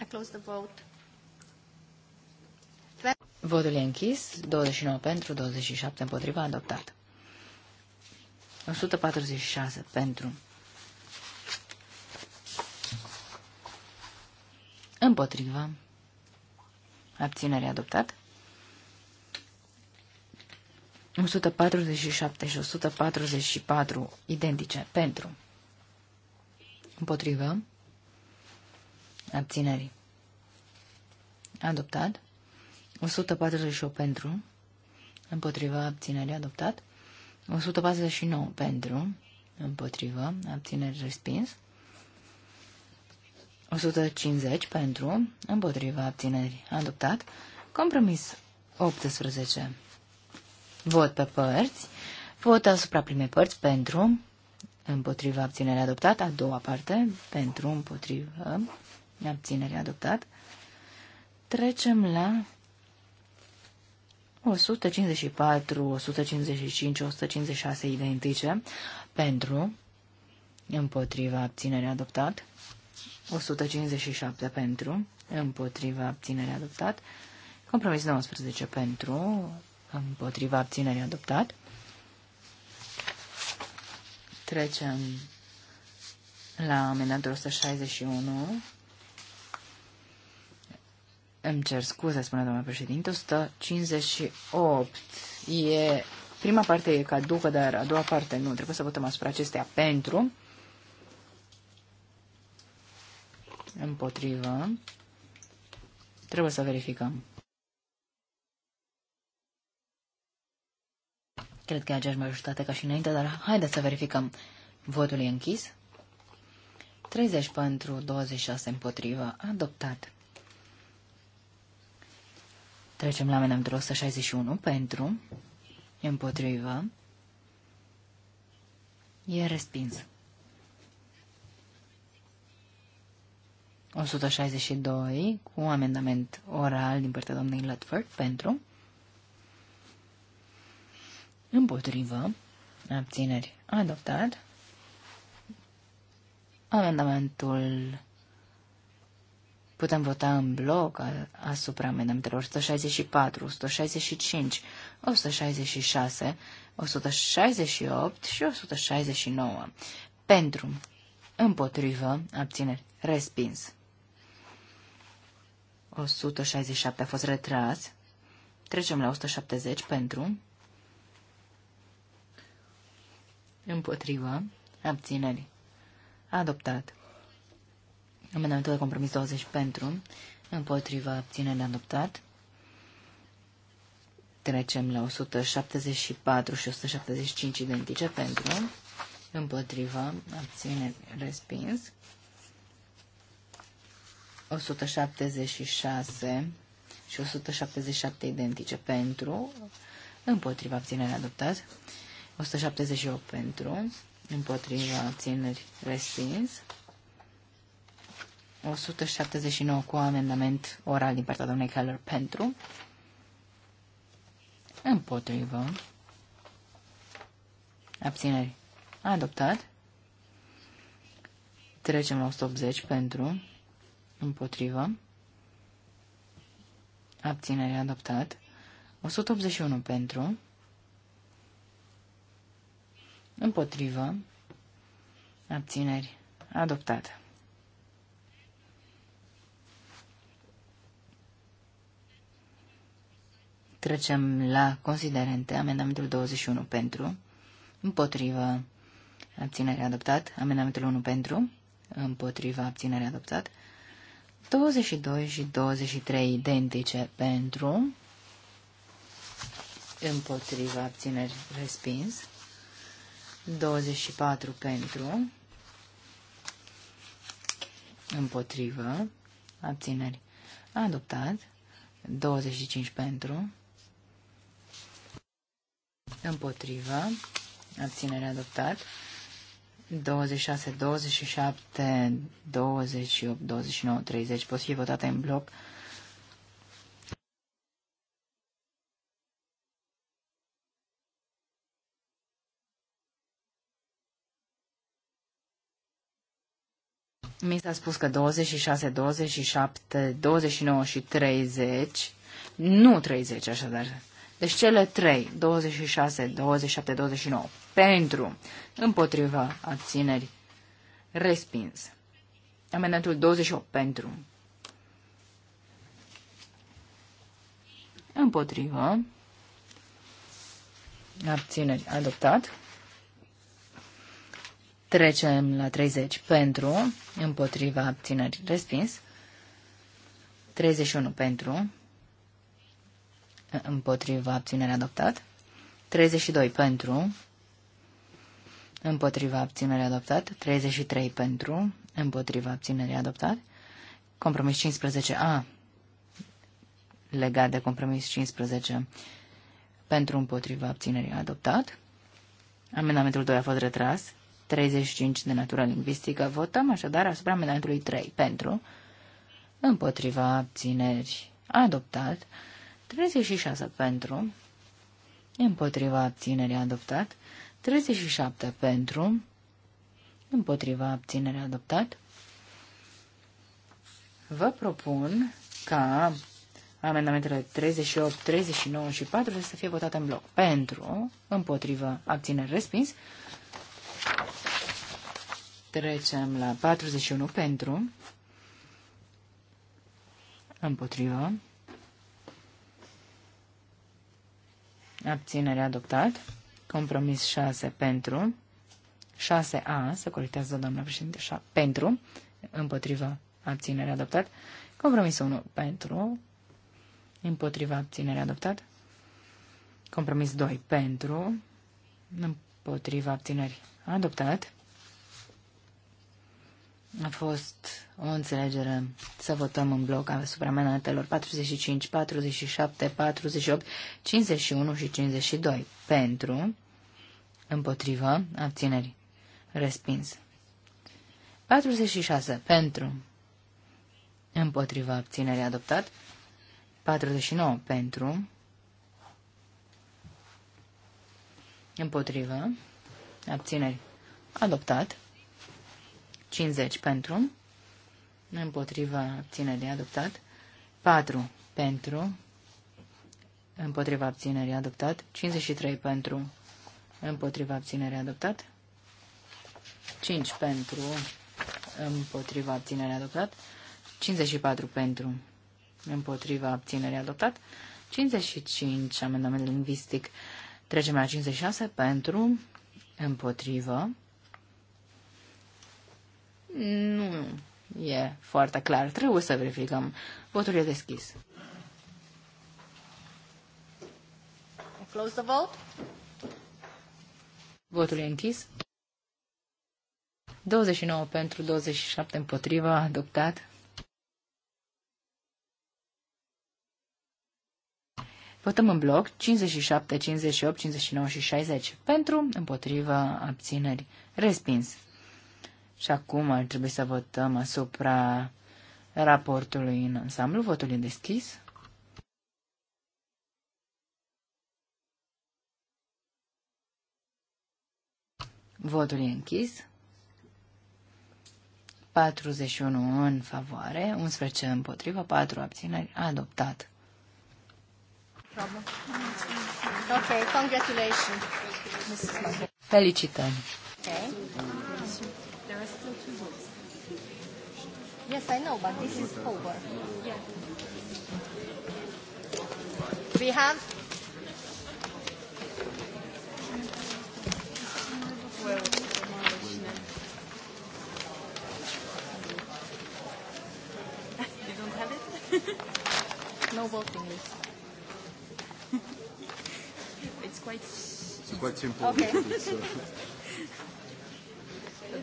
I close the vote. Votul e închis. 29 pentru, 27 împotriva, adoptat. 146 pentru. Împotriva. Abținere adoptat. 147 și 144 identice pentru. Împotrivă. Abținerii. Adoptat. 148 pentru, împotriva abținerii adoptat, 149 pentru, împotriva abținerii respins, 150 pentru, împotriva abțineri adoptat, compromis 18. Vot pe părți, vot asupra primei părți pentru, împotriva abținerii adoptat, a doua parte pentru, împotriva abținerii adoptat. Trecem la 154, 155, 156 identice pentru, împotriva abținerea adoptat, 157 pentru, împotriva abținerea adoptat, compromis 19 pentru, împotriva abținerea adoptat. Trecem la amendamentul 161 îmi cer scuze, spune domnul președinte, 158 e... Prima parte e caducă, dar a doua parte nu. Trebuie să votăm asupra acestea pentru. Împotrivă. Trebuie să verificăm. Cred că e aceeași majoritate ca și înainte, dar haideți să verificăm. Votul e închis. 30 pentru, 26 împotrivă. Adoptat. Trecem la amendamentul 161 pentru, împotrivă, e respins. 162 cu amendament oral din partea doamnei Latford pentru, împotrivă, abțineri adoptat, amendamentul Putem vota în bloc asupra amendamentelor 164, 165, 166, 168 și 169. Pentru, împotrivă, abțineri, respins. 167 a fost retras. Trecem la 170 pentru, împotrivă, abțineri, adoptat. Amendamentul de compromis 20 pentru, împotriva abținere adoptat. Trecem la 174 și 175 identice pentru, împotriva abținere respins. 176 și 177 identice pentru, împotriva abținere adoptat. 178 pentru, împotriva abțineri respins. 179 cu amendament oral din partea domnului Keller pentru. Împotrivă. Abțineri. Adoptat. Trecem la 180 pentru. Împotrivă. Abținere adoptat. 181 pentru. Împotrivă. Abțineri. adoptată Trecem la considerente. Amendamentul 21 pentru. Împotrivă. Abținere adoptat. Amendamentul 1 pentru. Împotrivă. Abținere adoptat. 22 și 23 identice pentru. Împotrivă. Abțineri respins. 24 pentru. Împotrivă. Abțineri. Adoptat. 25 pentru împotrivă, abținere adoptat, 26, 27, 28, 29, 30 pot fi votate în bloc. Mi s-a spus că 26, 27, 29 și 30, nu 30 așadar, deci cele 3, 26, 27, 29, pentru, împotriva, abțineri, respins. Amendamentul 28, pentru, împotriva, abțineri, adoptat. Trecem la 30, pentru, împotriva, abțineri, respins. 31 pentru, Împotriva abținerea adoptat. 32 pentru. Împotriva abținerea adoptat. 33 pentru. Împotriva abținerea adoptat. Compromis 15A. Legat de compromis 15. Pentru împotriva abținerii adoptat. Amendamentul 2 a fost retras. 35 de natură lingvistică. Votăm așadar asupra amendamentului 3. Pentru. Împotriva abținerii adoptat. 36 pentru, împotriva abținerii adoptat, 37 pentru, împotriva abținerii adoptat. Vă propun ca amendamentele 38, 39 și 40 să fie votate în bloc. Pentru, împotriva abțineri respins. Trecem la 41 pentru, împotriva. Abținere adoptat. Compromis 6 pentru. 6A, se corectează doamna președinte, 6, pentru, împotriva abținere adoptat. Compromis 1 pentru, împotriva abținere adoptat. Compromis 2 pentru, împotriva abținere adoptat. A fost o înțelegere să votăm în bloc asupra amendamentelor 45, 47, 48, 51 și 52. Pentru, împotrivă, abțineri, respins. 46. Pentru, împotrivă, abțineri, adoptat. 49. Pentru, împotrivă, abțineri, adoptat. 50 pentru, împotriva abținerii adoptat, 4 pentru, împotriva abținerii adoptat, 53 pentru, împotriva abținerii adoptat, 5 pentru, împotriva abținerii adoptat, 54 pentru, împotriva abținerii adoptat, 55 amendament lingvistic, trecem la 56 pentru, împotrivă, nu e foarte clar. Trebuie să verificăm. Votul e deschis. I close the vote. Votul e închis. 29 pentru, 27 împotriva, adoptat. Votăm în bloc 57, 58, 59 și 60. Pentru, împotriva, abțineri, respins. Și acum ar trebui să votăm asupra raportului în ansamblu. Votul e deschis. Votul e închis. 41 în favoare, 11 împotriva, 4 abțineri, adoptat. Okay, congratulations. Felicitări. Okay. Yes, I know, but this is over. Yeah. We have. you don't have it? no voting list. it's quite. It's quite simple. Okay. so,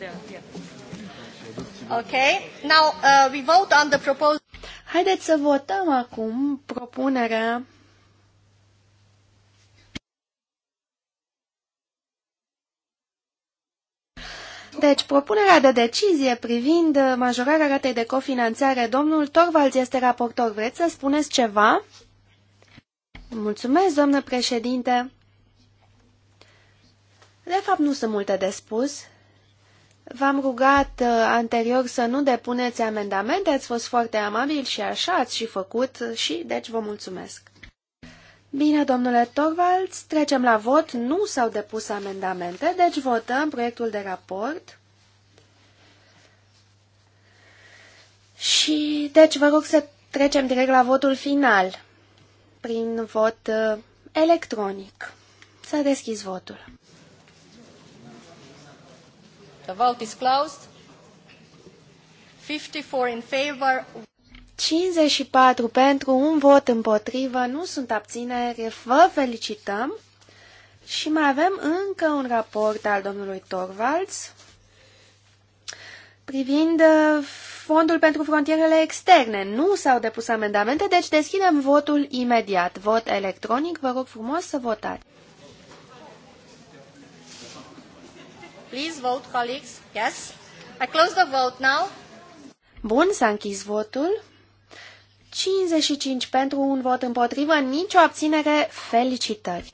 yeah. Okay. Now uh, we vote on the proposal. Haideți să votăm acum propunerea Deci, propunerea de decizie privind majorarea ratei de cofinanțare, domnul Torvalds este raportor. Vreți să spuneți ceva? Mulțumesc, domnule președinte. De fapt, nu sunt multe de spus. V-am rugat uh, anterior să nu depuneți amendamente, ați fost foarte amabil și așa ați și făcut și deci vă mulțumesc. Bine, domnule Torvalds, trecem la vot. Nu s-au depus amendamente, deci votăm proiectul de raport. Și deci vă rog să trecem direct la votul final, prin vot uh, electronic. Să deschizi votul. The vote is closed. 54 in favor. 54 pentru, un vot împotrivă, nu sunt abțineri, vă felicităm. Și mai avem încă un raport al domnului Torvalds privind uh, Fondul pentru Frontierele Externe. Nu s-au depus amendamente, deci deschidem votul imediat. Vot electronic, vă rog frumos să votați. Please vote, colleagues. Yes. I close the vote now. Bun, s-a închis votul. 55 pentru un vot împotrivă, nicio abținere, felicitări.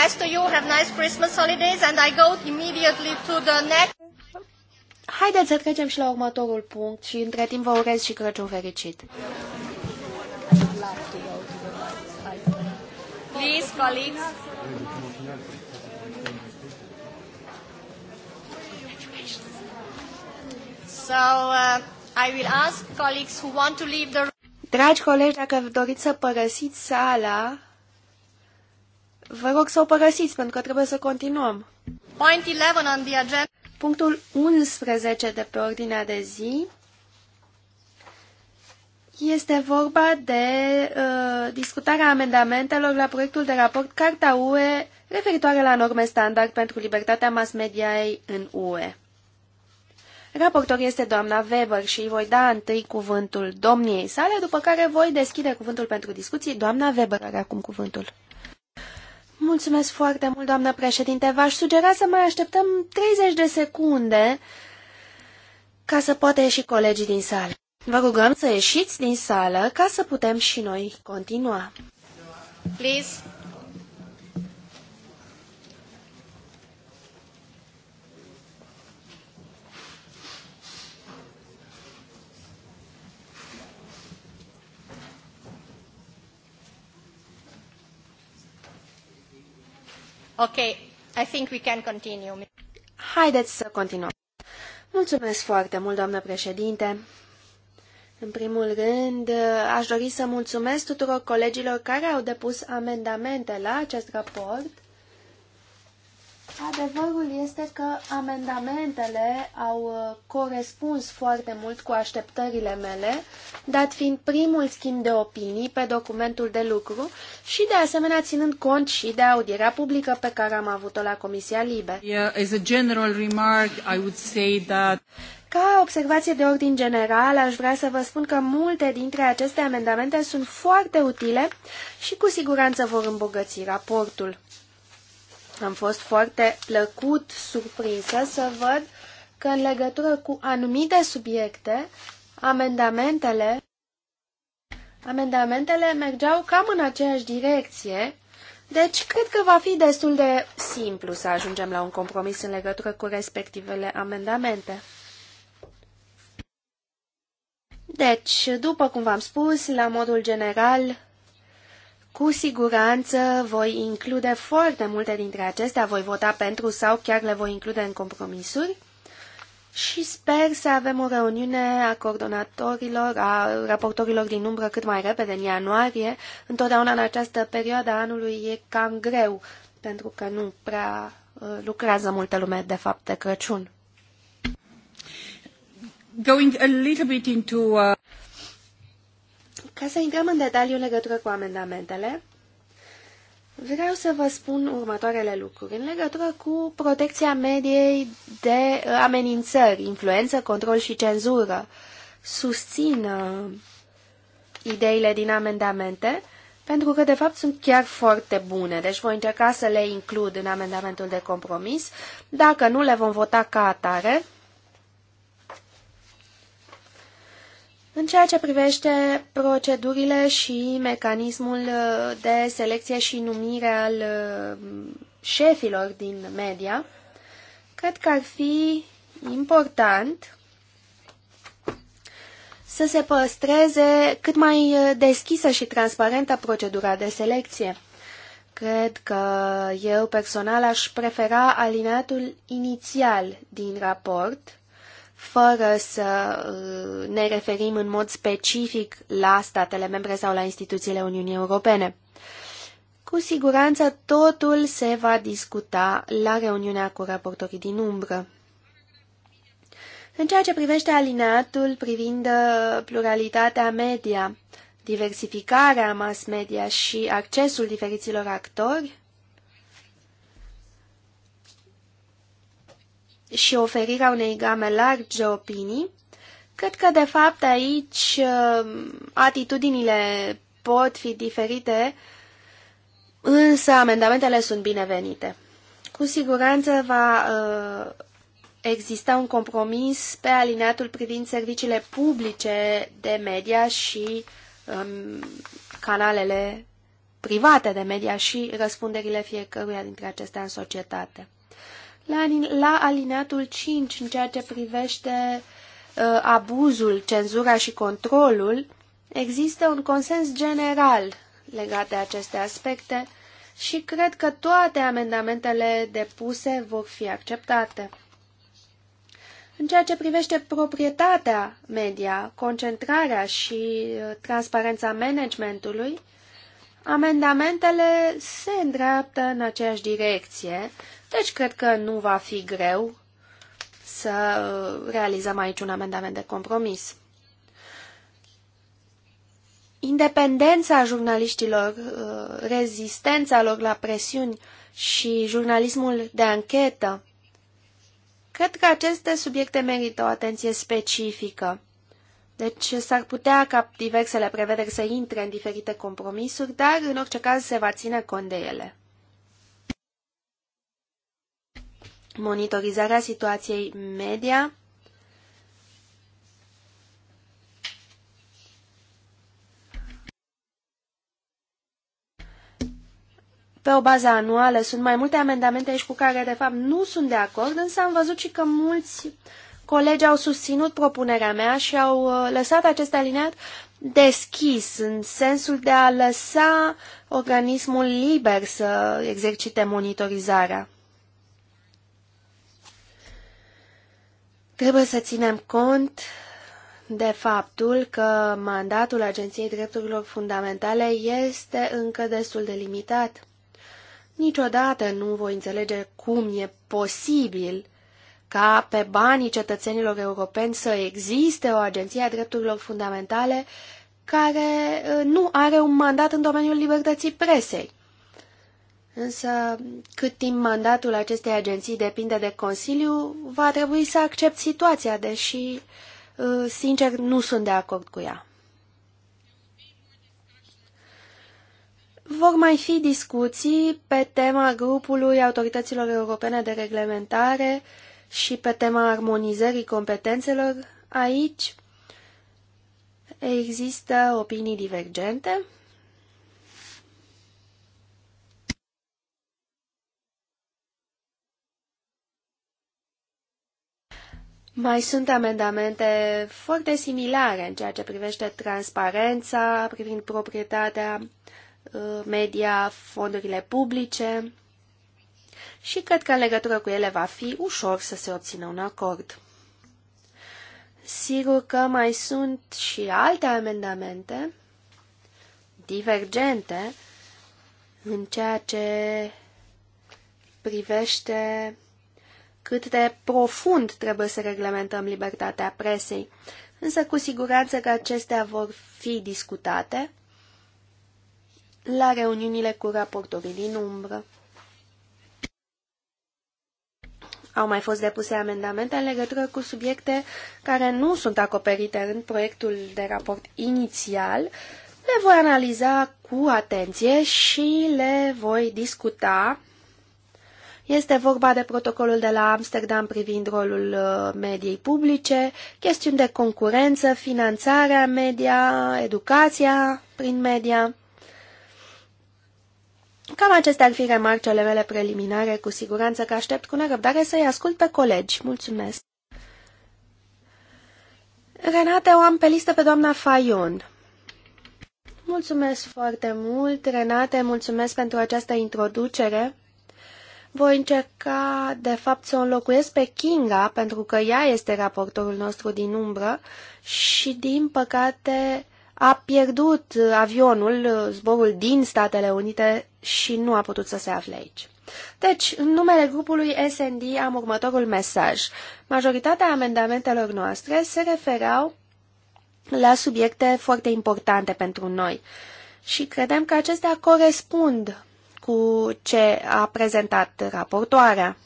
best to you. Have nice Christmas holidays and I go immediately to the next. Haideți să trecem și la următorul punct și între timp vă urez și Crăciun fericit. Please, colleagues. So, uh, I will ask colleagues who want to leave the Dragi colegi, dacă doriți să părăsiți sala, Vă rog să o părăsiți, pentru că trebuie să continuăm. Point 11 on the agenda. Punctul 11 de pe ordinea de zi este vorba de uh, discutarea amendamentelor la proiectul de raport Carta UE referitoare la norme standard pentru libertatea mass mediei în UE. Raportor este doamna Weber și îi voi da întâi cuvântul domniei sale, după care voi deschide cuvântul pentru discuții. Doamna Weber are acum cuvântul. Mulțumesc foarte mult, doamnă președinte. V-aș sugera să mai așteptăm 30 de secunde ca să poată ieși colegii din sală. Vă rugăm să ieșiți din sală ca să putem și noi continua. Please. Ok, I think we can continue. Haideți să continuăm. Mulțumesc foarte mult, doamnă președinte. În primul rând, aș dori să mulțumesc tuturor colegilor care au depus amendamente la acest raport Adevărul este că amendamentele au uh, corespuns foarte mult cu așteptările mele, dat fiind primul schimb de opinii pe documentul de lucru și de asemenea ținând cont și de audierea publică pe care am avut-o la Comisia Libe. Yeah, as a general remark, I would say that... Ca observație de ordin general, aș vrea să vă spun că multe dintre aceste amendamente sunt foarte utile și cu siguranță vor îmbogăți raportul. Am fost foarte plăcut surprinsă să văd că în legătură cu anumite subiecte, amendamentele Amendamentele mergeau cam în aceeași direcție, deci cred că va fi destul de simplu să ajungem la un compromis în legătură cu respectivele amendamente. Deci, după cum v-am spus, la modul general, cu siguranță voi include foarte multe dintre acestea, voi vota pentru sau chiar le voi include în compromisuri și sper să avem o reuniune a coordonatorilor, a raportorilor din umbră cât mai repede, în ianuarie. Întotdeauna în această perioadă anului e cam greu, pentru că nu prea uh, lucrează multă lume, de fapt, de Crăciun. Going a little bit into, uh... Ca să intrăm în detaliu în legătură cu amendamentele, vreau să vă spun următoarele lucruri. În legătură cu protecția mediei de uh, amenințări, influență, control și cenzură, susțin uh, ideile din amendamente, pentru că, de fapt, sunt chiar foarte bune. Deci voi încerca să le includ în amendamentul de compromis. Dacă nu, le vom vota ca atare. În ceea ce privește procedurile și mecanismul uh, de selecție și numire al uh, șefilor din media, cred că ar fi important să se păstreze cât mai uh, deschisă și transparentă procedura de selecție. Cred că eu personal aș prefera alineatul inițial din raport, fără să uh, ne referim în mod specific la statele membre sau la instituțiile Uniunii Europene. Cu siguranță totul se va discuta la reuniunea cu raportorii din umbră. În ceea ce privește alineatul privind uh, pluralitatea media, diversificarea mass media și accesul diferiților actori, și oferirea unei game largi de opinii, cred că de fapt aici uh, atitudinile pot fi diferite, însă amendamentele sunt binevenite. Cu siguranță va uh, exista un compromis pe alineatul privind serviciile publice de media și um, canalele private de media și răspunderile fiecăruia dintre acestea în societate la, la alineatul 5 în ceea ce privește uh, abuzul, cenzura și controlul, există un consens general legat de aceste aspecte și cred că toate amendamentele depuse vor fi acceptate. În ceea ce privește proprietatea media, concentrarea și ă, transparența managementului, amendamentele se îndreaptă în aceeași direcție deci cred că nu va fi greu să realizăm aici un amendament de compromis. Independența jurnaliștilor, uh, rezistența lor la presiuni și jurnalismul de anchetă, cred că aceste subiecte merită o atenție specifică. Deci s-ar putea ca diversele prevederi să intre în diferite compromisuri, dar în orice caz se va ține cont de ele. monitorizarea situației media, Pe o bază anuală sunt mai multe amendamente aici cu care, de fapt, nu sunt de acord, însă am văzut și că mulți colegi au susținut propunerea mea și au uh, lăsat acest alineat deschis, în sensul de a lăsa organismul liber să exercite monitorizarea. Trebuie să ținem cont de faptul că mandatul Agenției Drepturilor Fundamentale este încă destul de limitat. Niciodată nu voi înțelege cum e posibil ca pe banii cetățenilor europeni să existe o agenție a drepturilor fundamentale care eh, nu are un mandat în domeniul libertății presei. Însă, cât timp mandatul acestei agenții depinde de Consiliu, va trebui să accept situația, deși, uh, sincer, nu sunt de acord cu ea. Vor mai fi discuții pe tema grupului autorităților europene de reglementare și pe tema armonizării competențelor. Aici există opinii divergente. Mai sunt amendamente foarte similare în ceea ce privește transparența, privind proprietatea, uh, media, fondurile publice și cred că în legătură cu ele va fi ușor să se obțină un acord. Sigur că mai sunt și alte amendamente divergente în ceea ce privește cât de profund trebuie să reglementăm libertatea presei, însă cu siguranță că acestea vor fi discutate la reuniunile cu raportorii din umbră. Au mai fost depuse amendamente în legătură cu subiecte care nu sunt acoperite în proiectul de raport inițial. Le voi analiza cu atenție și le voi discuta este vorba de protocolul de la Amsterdam privind rolul uh, mediei publice, chestiuni de concurență, finanțarea media, educația prin media. Cam acestea ar fi remarcele mele preliminare, cu siguranță că aștept cu nerăbdare să-i ascult pe colegi. Mulțumesc! Renate, o am pe listă pe doamna Fayon. Mulțumesc foarte mult, Renate, mulțumesc pentru această introducere. Voi încerca, de fapt, să o înlocuiesc pe Kinga, pentru că ea este raportorul nostru din umbră și, din păcate, a pierdut avionul, zborul din Statele Unite și nu a putut să se afle aici. Deci, în numele grupului SND am următorul mesaj. Majoritatea amendamentelor noastre se referau la subiecte foarte importante pentru noi și credem că acestea corespund cu ce a prezentat raportoarea.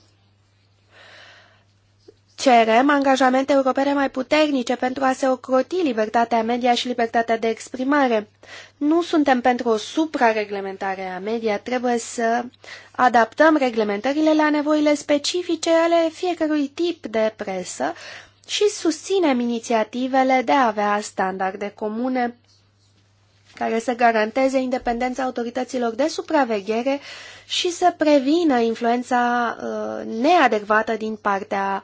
Cerem angajamente europene mai puternice pentru a se ocroti libertatea media și libertatea de exprimare. Nu suntem pentru o suprareglementare a media, trebuie să adaptăm reglementările la nevoile specifice ale fiecărui tip de presă și susținem inițiativele de a avea standarde comune care să garanteze independența autorităților de supraveghere și să prevină influența uh, neadecvată din partea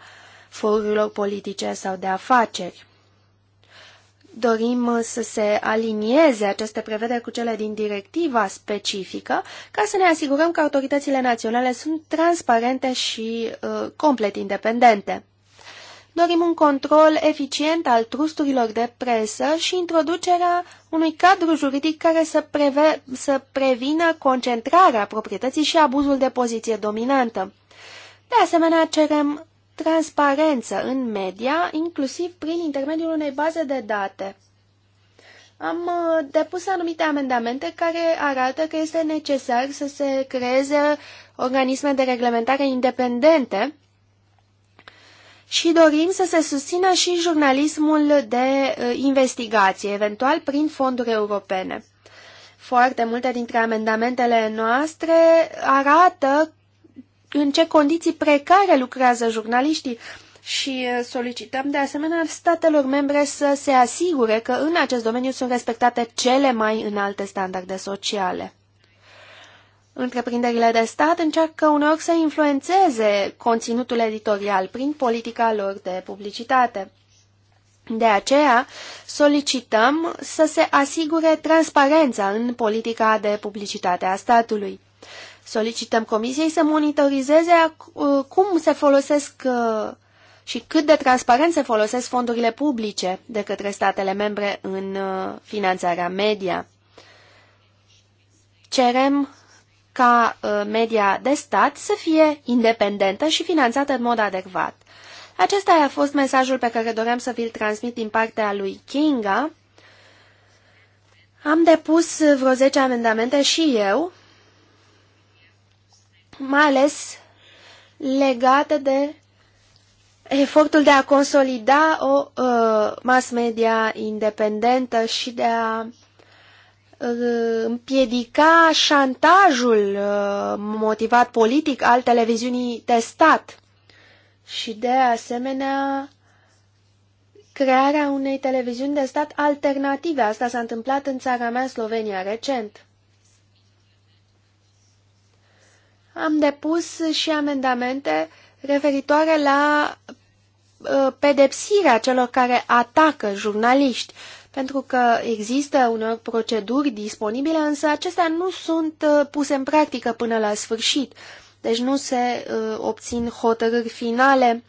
forurilor politice sau de afaceri. Dorim uh, să se alinieze aceste prevederi cu cele din directiva specifică ca să ne asigurăm că autoritățile naționale sunt transparente și uh, complet independente dorim un control eficient al trusturilor de presă și introducerea unui cadru juridic care să, preve, să prevină concentrarea proprietății și abuzul de poziție dominantă. De asemenea, cerem transparență în media, inclusiv prin intermediul unei baze de date. Am uh, depus anumite amendamente care arată că este necesar să se creeze organisme de reglementare independente și dorim să se susțină și jurnalismul de uh, investigație, eventual prin fonduri europene. Foarte multe dintre amendamentele noastre arată în ce condiții precare lucrează jurnaliștii și uh, solicităm de asemenea statelor membre să se asigure că în acest domeniu sunt respectate cele mai înalte standarde sociale. Întreprinderile de stat încearcă uneori să influențeze conținutul editorial prin politica lor de publicitate. De aceea, solicităm să se asigure transparența în politica de publicitate a statului. Solicităm Comisiei să monitorizeze uh, cum se folosesc uh, și cât de transparent se folosesc fondurile publice de către statele membre în uh, finanțarea media. Cerem ca uh, media de stat să fie independentă și finanțată în mod adecvat. Acesta a fost mesajul pe care doream să vi-l transmit din partea lui Kinga. Am depus vreo 10 amendamente și eu, mai ales legate de efortul de a consolida o uh, mass media independentă și de a Uh, împiedica șantajul uh, motivat politic al televiziunii de stat și de asemenea crearea unei televiziuni de stat alternative. Asta s-a întâmplat în țara mea, Slovenia, recent. Am depus și amendamente referitoare la uh, pedepsirea celor care atacă jurnaliști pentru că există unor proceduri disponibile, însă acestea nu sunt uh, puse în practică până la sfârșit. Deci nu se uh, obțin hotărâri finale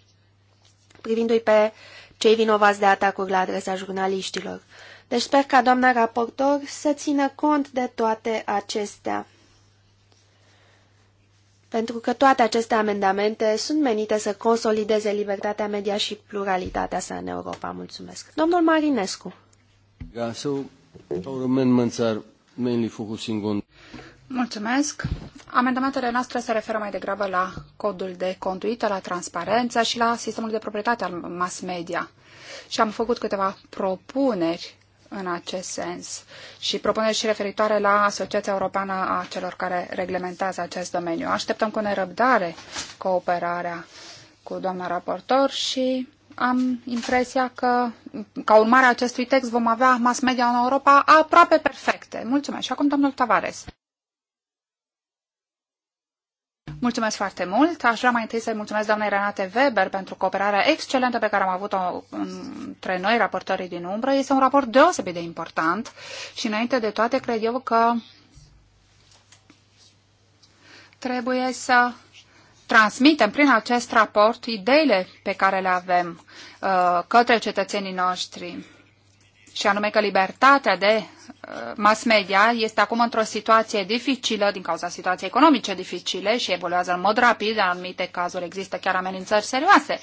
privindu-i pe cei vinovați de atacuri la adresa jurnaliștilor. Deci sper ca doamna raportor să țină cont de toate acestea. Pentru că toate aceste amendamente sunt menite să consolideze libertatea media și pluralitatea sa în Europa. Mulțumesc. Domnul Marinescu. Yeah, so our amendments are mainly focusing on... Mulțumesc. Amendamentele noastre se referă mai degrabă la codul de conduită, la transparență și la sistemul de proprietate al mass media. Și am făcut câteva propuneri în acest sens și propuneri și referitoare la Asociația Europeană a celor care reglementează acest domeniu. Așteptăm cu nerăbdare cooperarea cu doamna raportor și am impresia că, ca urmare a acestui text, vom avea mass media în Europa aproape perfecte. Mulțumesc. Și acum, domnul Tavares. Mulțumesc foarte mult. Aș vrea mai întâi să-i mulțumesc doamnei Renate Weber pentru cooperarea excelentă pe care am avut-o între noi, raportorii din umbră. Este un raport deosebit de important și, înainte de toate, cred eu că trebuie să transmitem prin acest raport ideile pe care le avem uh, către cetățenii noștri și anume că libertatea de uh, mass media este acum într-o situație dificilă din cauza situației economice dificile și evoluează în mod rapid, în anumite cazuri există chiar amenințări serioase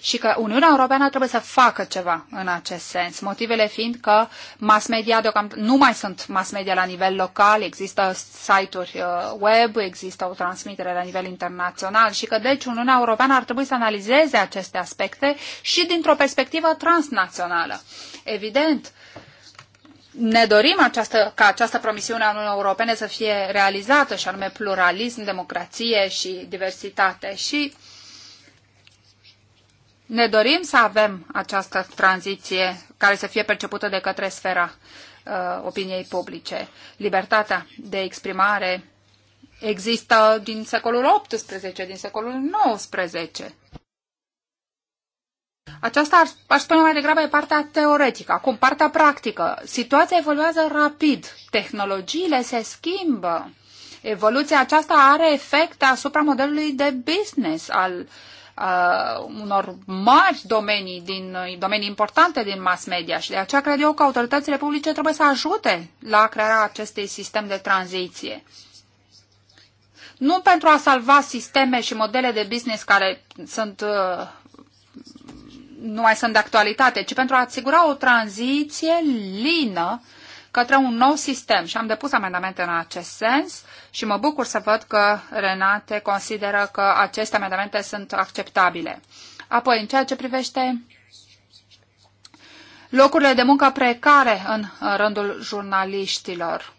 și că Uniunea Europeană trebuie să facă ceva în acest sens, motivele fiind că mass media deocamdată nu mai sunt mass media la nivel local, există site-uri uh, web, există o transmitere la nivel internațional și că deci Uniunea Europeană ar trebui să analizeze aceste aspecte și dintr-o perspectivă transnațională. Evident, ne dorim această, ca această promisiune a Uniunii Europene să fie realizată, și anume pluralism, democrație și diversitate. Și ne dorim să avem această tranziție care să fie percepută de către sfera uh, opiniei publice. Libertatea de exprimare există din secolul XVIII, din secolul XIX. Aceasta ar, aș spune mai degrabă e partea teoretică. Acum, partea practică. Situația evoluează rapid. Tehnologiile se schimbă. Evoluția aceasta are efecte asupra modelului de business al uh, unor mari domenii, din, domenii importante din mass media și de aceea cred eu că autoritățile publice trebuie să ajute la crearea acestui sistem de tranziție. Nu pentru a salva sisteme și modele de business care sunt uh, nu mai sunt de actualitate, ci pentru a asigura o tranziție lină către un nou sistem. Și am depus amendamente în acest sens și mă bucur să văd că Renate consideră că aceste amendamente sunt acceptabile. Apoi, în ceea ce privește locurile de muncă precare în rândul jurnaliștilor.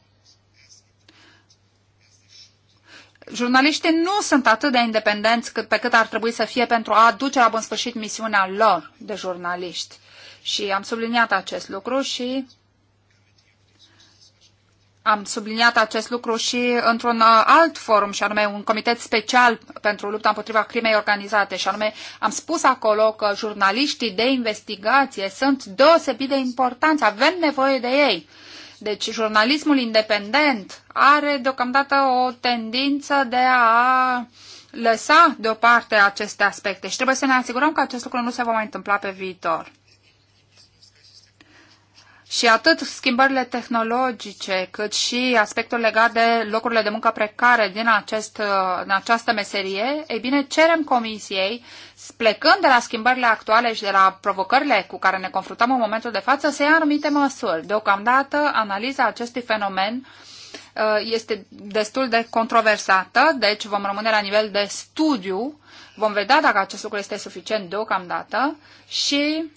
jurnaliștii nu sunt atât de independenți cât, pe cât ar trebui să fie pentru a aduce la bun sfârșit misiunea lor de jurnaliști. Și am subliniat acest lucru și am subliniat acest lucru și într-un uh, alt forum, și anume un comitet special pentru lupta împotriva crimei organizate, și anume am spus acolo că jurnaliștii de investigație sunt deosebit de importanți, avem nevoie de ei. Deci jurnalismul independent are deocamdată o tendință de a lăsa deoparte aceste aspecte și trebuie să ne asigurăm că acest lucru nu se va mai întâmpla pe viitor. Și atât schimbările tehnologice, cât și aspectul legat de locurile de muncă precare din, acest, din această meserie, ei bine, cerem comisiei, plecând de la schimbările actuale și de la provocările cu care ne confruntăm în momentul de față, să ia anumite măsuri. Deocamdată, analiza acestui fenomen uh, este destul de controversată, deci vom rămâne la nivel de studiu, vom vedea dacă acest lucru este suficient deocamdată și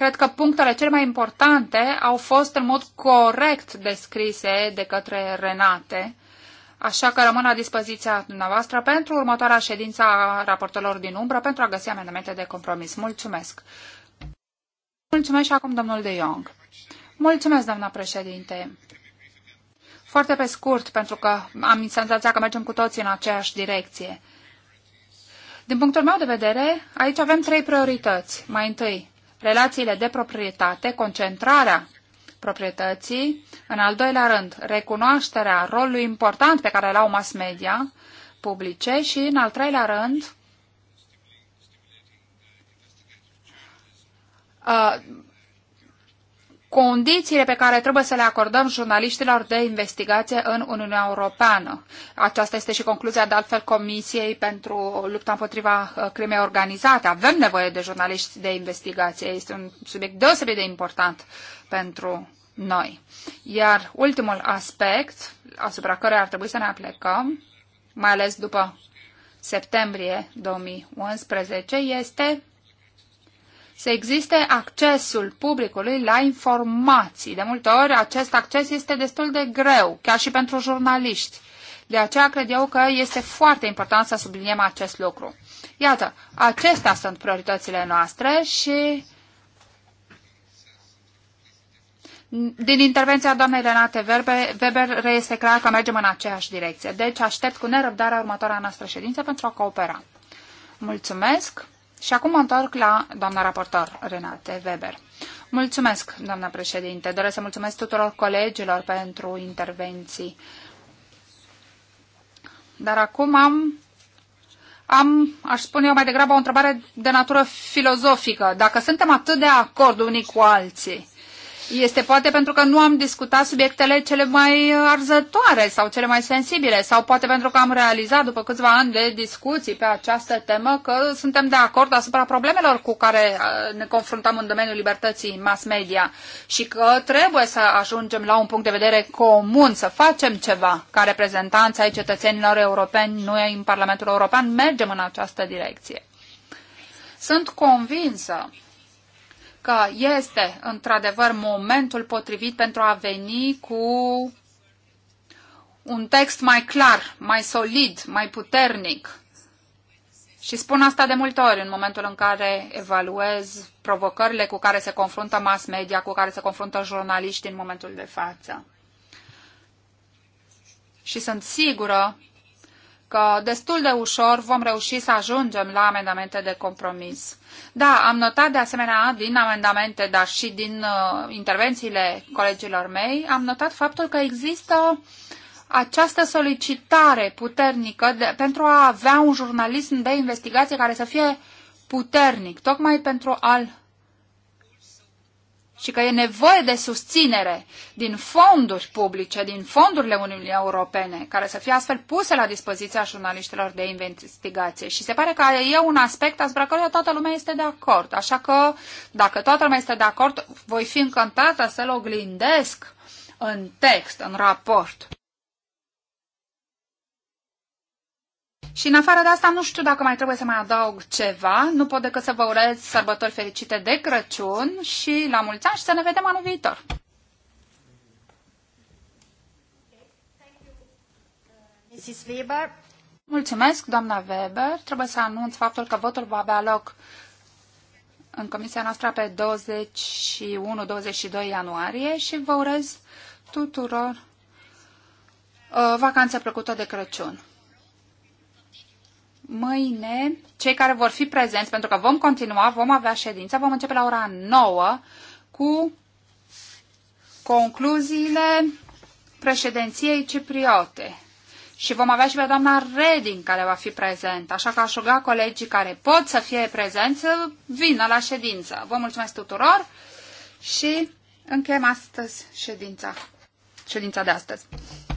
Cred că punctele cele mai importante au fost în mod corect descrise de către Renate, așa că rămân la dispoziția dumneavoastră pentru următoarea ședință a raportelor din umbră pentru a găsi amendamente de compromis. Mulțumesc! Mulțumesc și acum domnul De Jong. Mulțumesc, doamna președinte. Foarte pe scurt, pentru că am senzația că mergem cu toții în aceeași direcție. Din punctul meu de vedere, aici avem trei priorități. Mai întâi, relațiile de proprietate, concentrarea proprietății, în al doilea rând, recunoașterea rolului important pe care îl au mass media publice și, în al treilea rând, uh, condițiile pe care trebuie să le acordăm jurnaliștilor de investigație în Uniunea Europeană. Aceasta este și concluzia de altfel Comisiei pentru lupta împotriva uh, crimei organizate. Avem nevoie de jurnaliști de investigație. Este un subiect deosebit de important pentru noi. Iar ultimul aspect asupra căruia ar trebui să ne aplecăm, mai ales după septembrie 2011, este să existe accesul publicului la informații. De multe ori acest acces este destul de greu, chiar și pentru jurnaliști. De aceea cred eu că este foarte important să subliniem acest lucru. Iată, acestea sunt prioritățile noastre și din intervenția doamnei Renate Weber, Weber clar că mergem în aceeași direcție. Deci aștept cu nerăbdare următoarea noastră ședință pentru a coopera. Mulțumesc! Și acum mă întorc la doamna raportor Renate Weber. Mulțumesc, doamna președinte. Doresc să mulțumesc tuturor colegilor pentru intervenții. Dar acum am, am, aș spune eu mai degrabă, o întrebare de natură filozofică. Dacă suntem atât de acord unii cu alții, este poate pentru că nu am discutat subiectele cele mai arzătoare sau cele mai sensibile sau poate pentru că am realizat după câțiva ani de discuții pe această temă că suntem de acord asupra problemelor cu care uh, ne confruntăm în domeniul libertății mass media și că trebuie să ajungem la un punct de vedere comun, să facem ceva ca reprezentanți ai cetățenilor europeni, noi în Parlamentul European mergem în această direcție. Sunt convinsă că este într-adevăr momentul potrivit pentru a veni cu un text mai clar, mai solid, mai puternic. Și spun asta de multe ori în momentul în care evaluez provocările cu care se confruntă mass media, cu care se confruntă jurnaliștii în momentul de față. Și sunt sigură că destul de ușor vom reuși să ajungem la amendamente de compromis. Da, am notat de asemenea din amendamente, dar și din uh, intervențiile colegilor mei, am notat faptul că există această solicitare puternică de, pentru a avea un jurnalism de investigație care să fie puternic, tocmai pentru a-l și că e nevoie de susținere din fonduri publice, din fondurile Uniunii Europene, care să fie astfel puse la dispoziția jurnaliștilor de investigație. Și se pare că e un aspect asupra căruia toată lumea este de acord. Așa că, dacă toată lumea este de acord, voi fi încântată să-l oglindesc în text, în raport. Și în afară de asta nu știu dacă mai trebuie să mai adaug ceva. Nu pot decât să vă urez sărbători fericite de Crăciun și la mulți ani și să ne vedem anul viitor. Mrs. Weber. Mulțumesc, doamna Weber. Trebuie să anunț faptul că votul va avea loc în comisia noastră pe 21-22 ianuarie și vă urez tuturor o uh, vacanță plăcută de Crăciun mâine cei care vor fi prezenți, pentru că vom continua, vom avea ședința, vom începe la ora 9 cu concluziile președinției cipriote. Și vom avea și pe doamna Reding care va fi prezent, așa că aș ruga colegii care pot să fie prezenți să vină la ședință. Vă mulțumesc tuturor și încheiem astăzi ședința, ședința de astăzi.